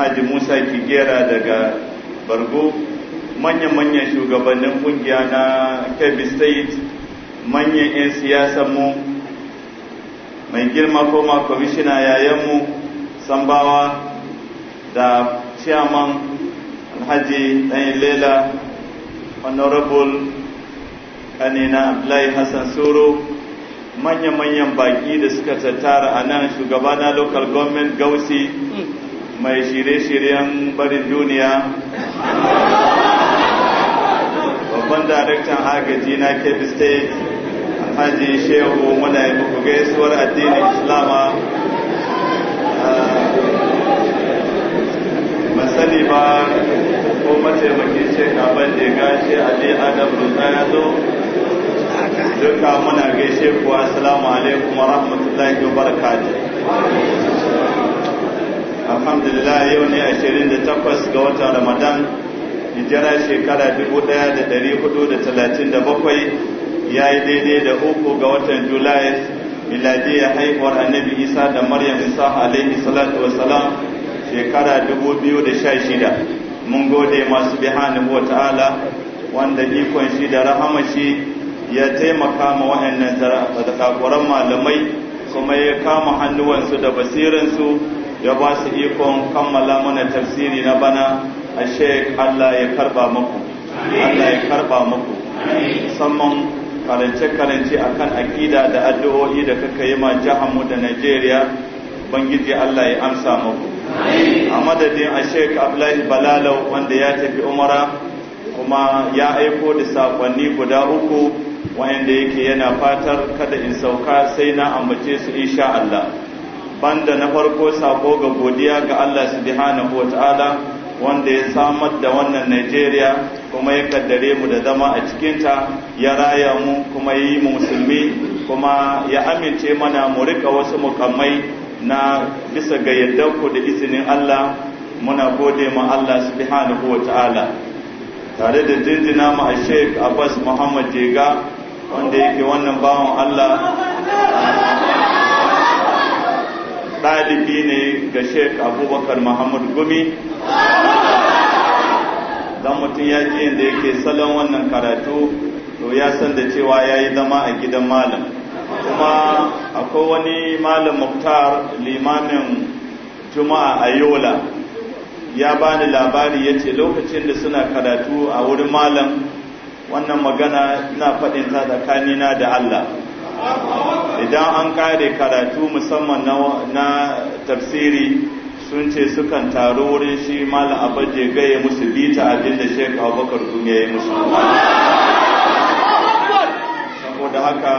haji musa kigera daga bargo manya-manyan shugabannin kungiya na kebbi state manyan 'yan mu mai girma koma kwamishina yayanmu sambawa da chairman alhaji ɗan lela honorable kanina abdullahi hassan soro manya-manyan baki da suka tattara a nan shugaba na local government gausi mai shirye-shiryen barin duniya babban daraktan agaji na kebbi state alhaji shehu muna yi muku gaisuwar addinin islama ah, sani ba ko mataimaki ce kaban da gashi a adam rutsa ya zo duka muna gaishe kuwa assalamu alaikum wa rahmatullahi wa barakatuh alhamdulillah yau ne 28 ga watan ramadan hijira shekara 1437 ya yi daidai da uku ga watan julai miladiyya haihuwar annabi isa da maryam isa alaihi salatu wasalam shekara 2016 mun gode masu wa ta'ala wanda ikon shi da rahamashi ya taimaka ma wa'annan zakakuran malamai kuma ya kama hannuwansu da basirinsu ya ba su ikon kammala mana tafsiri na bana a Allah ya karba maku Allah ya karba muku musamman karance-karance a kan akida da addu'o'i da kaka yi ma jihanmu da Najeriya bangiji Allah ya amsa maku. a madadin a sheik abdullahi balalau wanda ya tafi umara kuma ya aiko da sakonni guda uku wa'anda yake yana fatar kada in sauka sai na ambace su insha Allah banda na farko sako ga godiya ga Allah subhanahu wata'ala wanda ya samar da wannan Najeriya kuma ya kaddare mu da zama a cikinta ya raya mu kuma yi mu musulmi kuma ya amince mana mu rika wasu mukammai na bisa ga yaddanku da izinin Allah muna gode ma Allah subhanahu wa ta'ala tare da jinjina ma a sheikh abbas muhammad jega wanda yake wannan bawan Allah ɗalibi ne ga Sheikh abubakar muhammad gumi dan mutum ya ji yadda yake salon wannan karatu to ya san da cewa ya yi zama a gidan malam kuma akwai wani malam muktar limamin juma'a a yola ya bani labari ya ce lokacin da suna karatu a wurin malam wannan magana ina faɗin ta tsakanina da Allah idan an kare karatu musamman na tafsiri sun ce sukan taru wurin shi malam abaje gaya musu bita abinda shek abubakar gumi ya musu saboda haka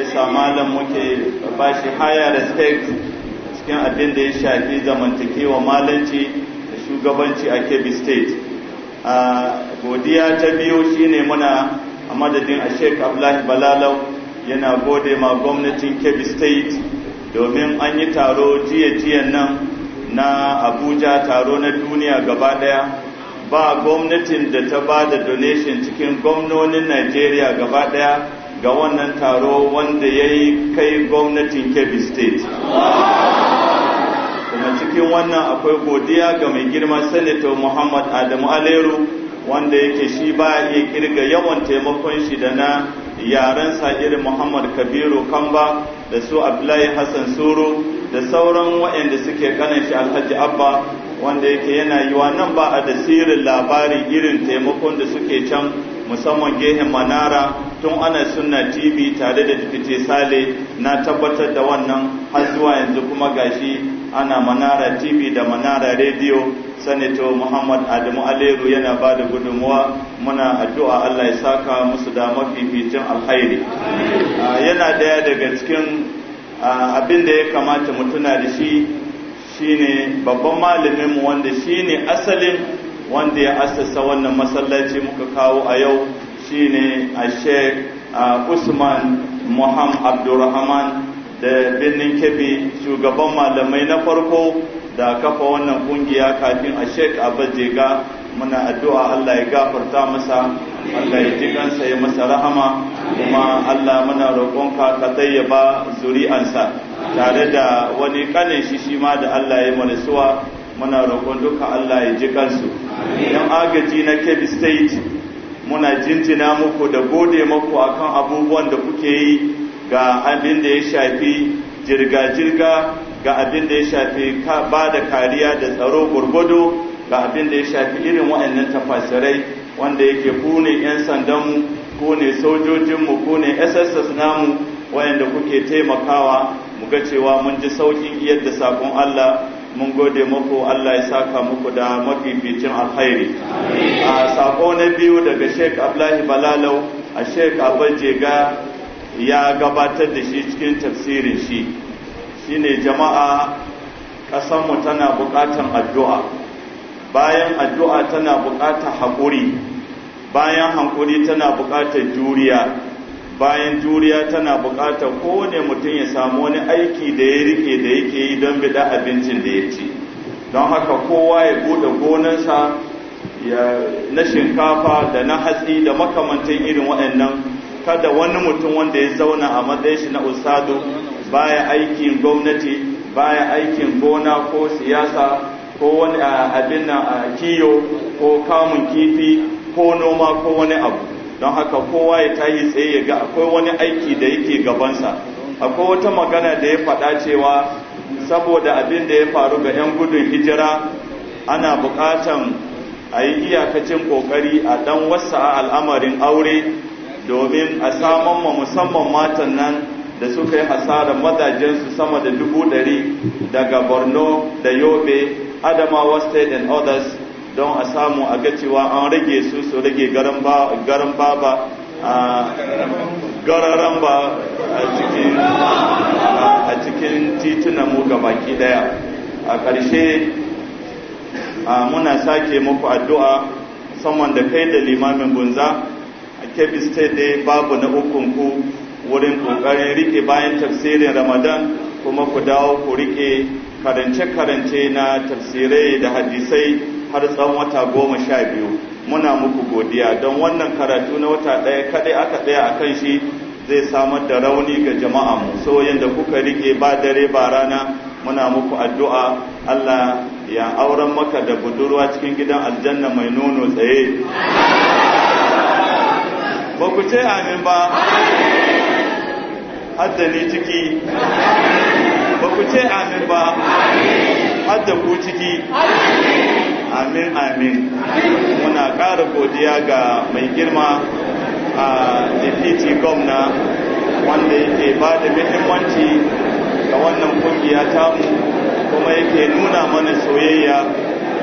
yasa malam muke ba shi higher respect cikin abin da ya shafi zamantakewa malanci da shugabanci a kebbi state a godiya ta biyu shine muna a madadin a sheikh abdullahi balalau yana gode ma gwamnatin kebbi state domin an yi taro jiya-jiyan nan na abuja taro na duniya gaba daya ba gwamnatin da ta ba da donation cikin gwamnonin nigeria gaba daya. ga wannan taro wanda ya yi kai gwamnatin kebbi state kuma cikin wannan akwai godiya ga mai girma senator muhammad adamu aleru wanda yake shi ba iya kirga yawan taimakon shi da na yarensa irin muhammad kabiru kamba da su abdullahi hassan suru da sauran waɗanda suke kanan shi alhaji abba wanda yake yana yiwa nan ba a da sirin labarin irin taimakon da suke can musamman gehen manara tun ana sunna tv tare da jikice sale na tabbatar da wannan har zuwa yanzu kuma gashi ana manara tv da manara rediyo sanito muhammad adamu aleru yana ba da gudunmuwa muna addu'a allah ya saka musu da mafificin alhairi ah, yana daya daga cikin ah, abin da ya kamata mutuna da shi shine babban malaminmu wanda shine asalin wanda ya assasa wannan masallaci muka kawo a yau shine a sheikh usman muhammad abdurrahman da birnin kebbi shugaban malamai na farko da kafa wannan kungiya kafin a sheik abajega muna addu'a allah ya gafarta masa allah ya ji kansa ya masa rahama kuma allah muna roƙonka ka tayyaba zuri'ansa tare da wani kanin shi shi ma da allah ya manisuwa muna roƙon duka Allah ya ji kansu yan agaji na Kebbi State muna jinjina muku da gode muku akan abubuwan da kuke yi ga abin da ya shafi jirga-jirga ga abin da ya shafi ba da kariya da tsaro gurgudu ga abin da ya shafi irin wa'annan tafasirai wanda yake kune 'yan sandanmu kune sojojinmu kune sss namu waɗanda kuke taimakawa mu ga cewa mun ji sauƙin da sakon Allah mun gode muku Allah ya saka muku da mafificin alkhairi a sako na biyu daga Sheikh Abdullahi Balalau a Sheikh Abajega ya gabatar da shi cikin tafsirin shi shine jama'a mu tana buƙatar addu'a bayan addu'a tana buƙatar haƙuri bayan haƙuri tana buƙatar juriya bayan juriya tana buƙatar kowane mutum ya samu wani aiki da ya rike da yake yi don bida abincin da ya ci don haka kowa ya buɗe gonarsa na shinkafa da na hatsi da makamantar irin waɗannan kada wani mutum wanda ya zauna a matsayin shi na usado baya aikin gwamnati baya aikin gona ko siyasa ko wani abin na kiyo ko kamun kifi ko noma ko wani abu don haka kowa ya tahi tsaye ya ga akwai wani aiki da yake gabansa akwai wata magana da ya faɗa cewa saboda abin da ya faru ga 'yan gudun hijira ana buƙatan a yi iyakacin ƙoƙari a ɗan wasa al'amarin aure domin a saman ma musamman matan nan da suka yi hasarar mazajensu sama da dubu ɗari daga borno da yobe adamawa state and others don a samu a ga cewa an rage su su rage garan ba a gararan ba a cikin titunan mu ga baki daya a ƙarshe muna sake muku addu'a saman da kai da limamin bunza a kebbi state dai babu na ukunku wurin ƙoƙarin rike bayan tafsirin ramadan kuma ku dawo ku rike karance-karance na tafsirai da hadisai har tsawon wata goma sha biyu muna muku godiya don wannan karatu na wata ɗaya kaɗai aka ɗaya a kan shi zai samar da rauni ga jama'a mu so yadda kuka rike ba dare ba rana muna muku addu'a Allah ya auren maka da budurwa cikin gidan aljanna mai nono tsaye ba ku ce amin ba hadda ni ciki ba ku ce amin ba hadda ku ciki amin amin muna ƙara godiya ga mai girma a deputy gwamna wanda yake ba da muhimmanci ga wannan kungiya mu kuma yake nuna mana soyayya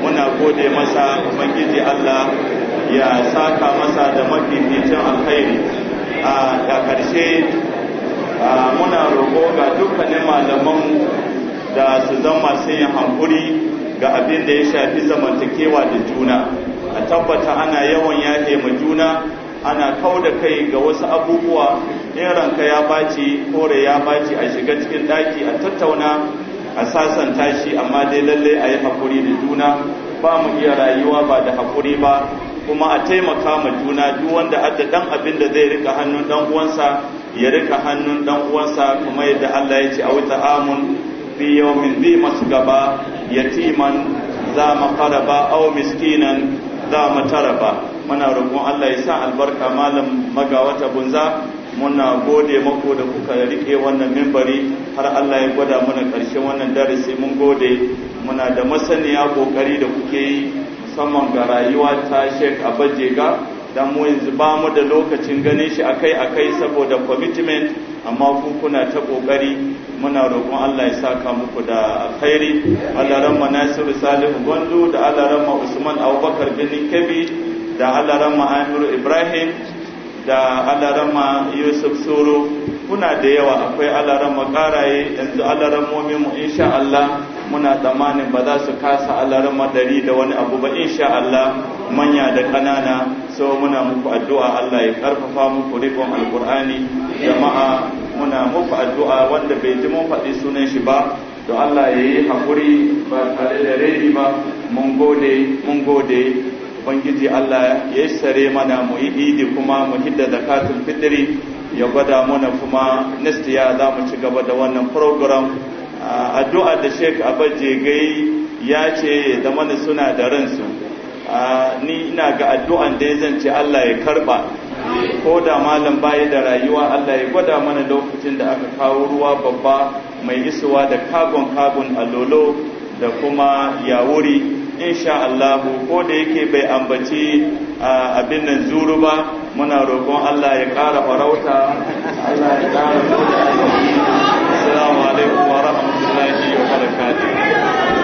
muna gode masa ubangiji allah ya saka masa da mafificin alkhairi a da karshe muna roƙo ga dukkanin malaman da su zama masu yin hankuri ga abin da ya shafi zamantakewa da juna a tabbata ana yawan yake ma juna ana kau da kai ga wasu abubuwa in ranka ya baci kore ya baci a shiga cikin ɗaki a tattauna a sasanta shi amma dai lallai a yi haƙuri da juna ba mu iya rayuwa ba da haƙuri ba kuma a taimaka ma juna duk wanda adda dan abin da zai rika hannun dan uwansa ya rika hannun dan uwansa kuma yadda Allah ya ce a wuta amun fi yawmin bi masu gaba yatiman za mu qaraba aw miskinan za mu taraba muna roƙon Allah ya sa albarka malam magawata bunza muna gode mako da kuka rike wannan mimbari har Allah ya gwada mana ƙarshen wannan darasi mun gode muna da masaniya kokari da kuke yi musamman ga rayuwa ta Sheikh Abajega dan mu yanzu ba mu da lokacin ganin shi akai akai saboda commitment amma ku kuna ta kokari muna roƙon Allah ya saka muku da alkhairi Allah ramma Nasiru Salihu Gondo da Allah ramma Usman Abubakar bin Kabi da Allah ramma Amiru Ibrahim da Allah ramma Yusuf soro kuna da yawa akwai Allah ramma Karaye yanzu Allah mu insha Allah muna tsammanin ba za su kasa alarma dari da wani abu ba in sha Allah manya da ƙanana so muna muku addu'a Allah ya karfafa muku rikon alkur'ani jama'a muna muku addu'a wanda bai ji mun faɗi sunan shi ba to Allah ya yi haƙuri ba tare da rai ba mun gode mun gode ubangiji Allah ya sare mana mu yi idi kuma mu hidda zakatul fitiri ya gwada mana kuma ya za mu ci gaba da wannan program addu'a da sheik abaje gai ya ce da mana suna da ransu ni ina ga addu'an da ya zance Allah ya karba ko da malam baya da rayuwa Allah ya gwada mana lokacin da aka kawo ruwa babba mai isuwa da kagon kagon alolo da kuma yawuri insha allahu ko da yake bai ambaci abin nan zuru ba muna roƙon Allah ya ƙara farauta Allah ya ƙara farauta assalamu alaikum wa rahmatullahi wa barakatuh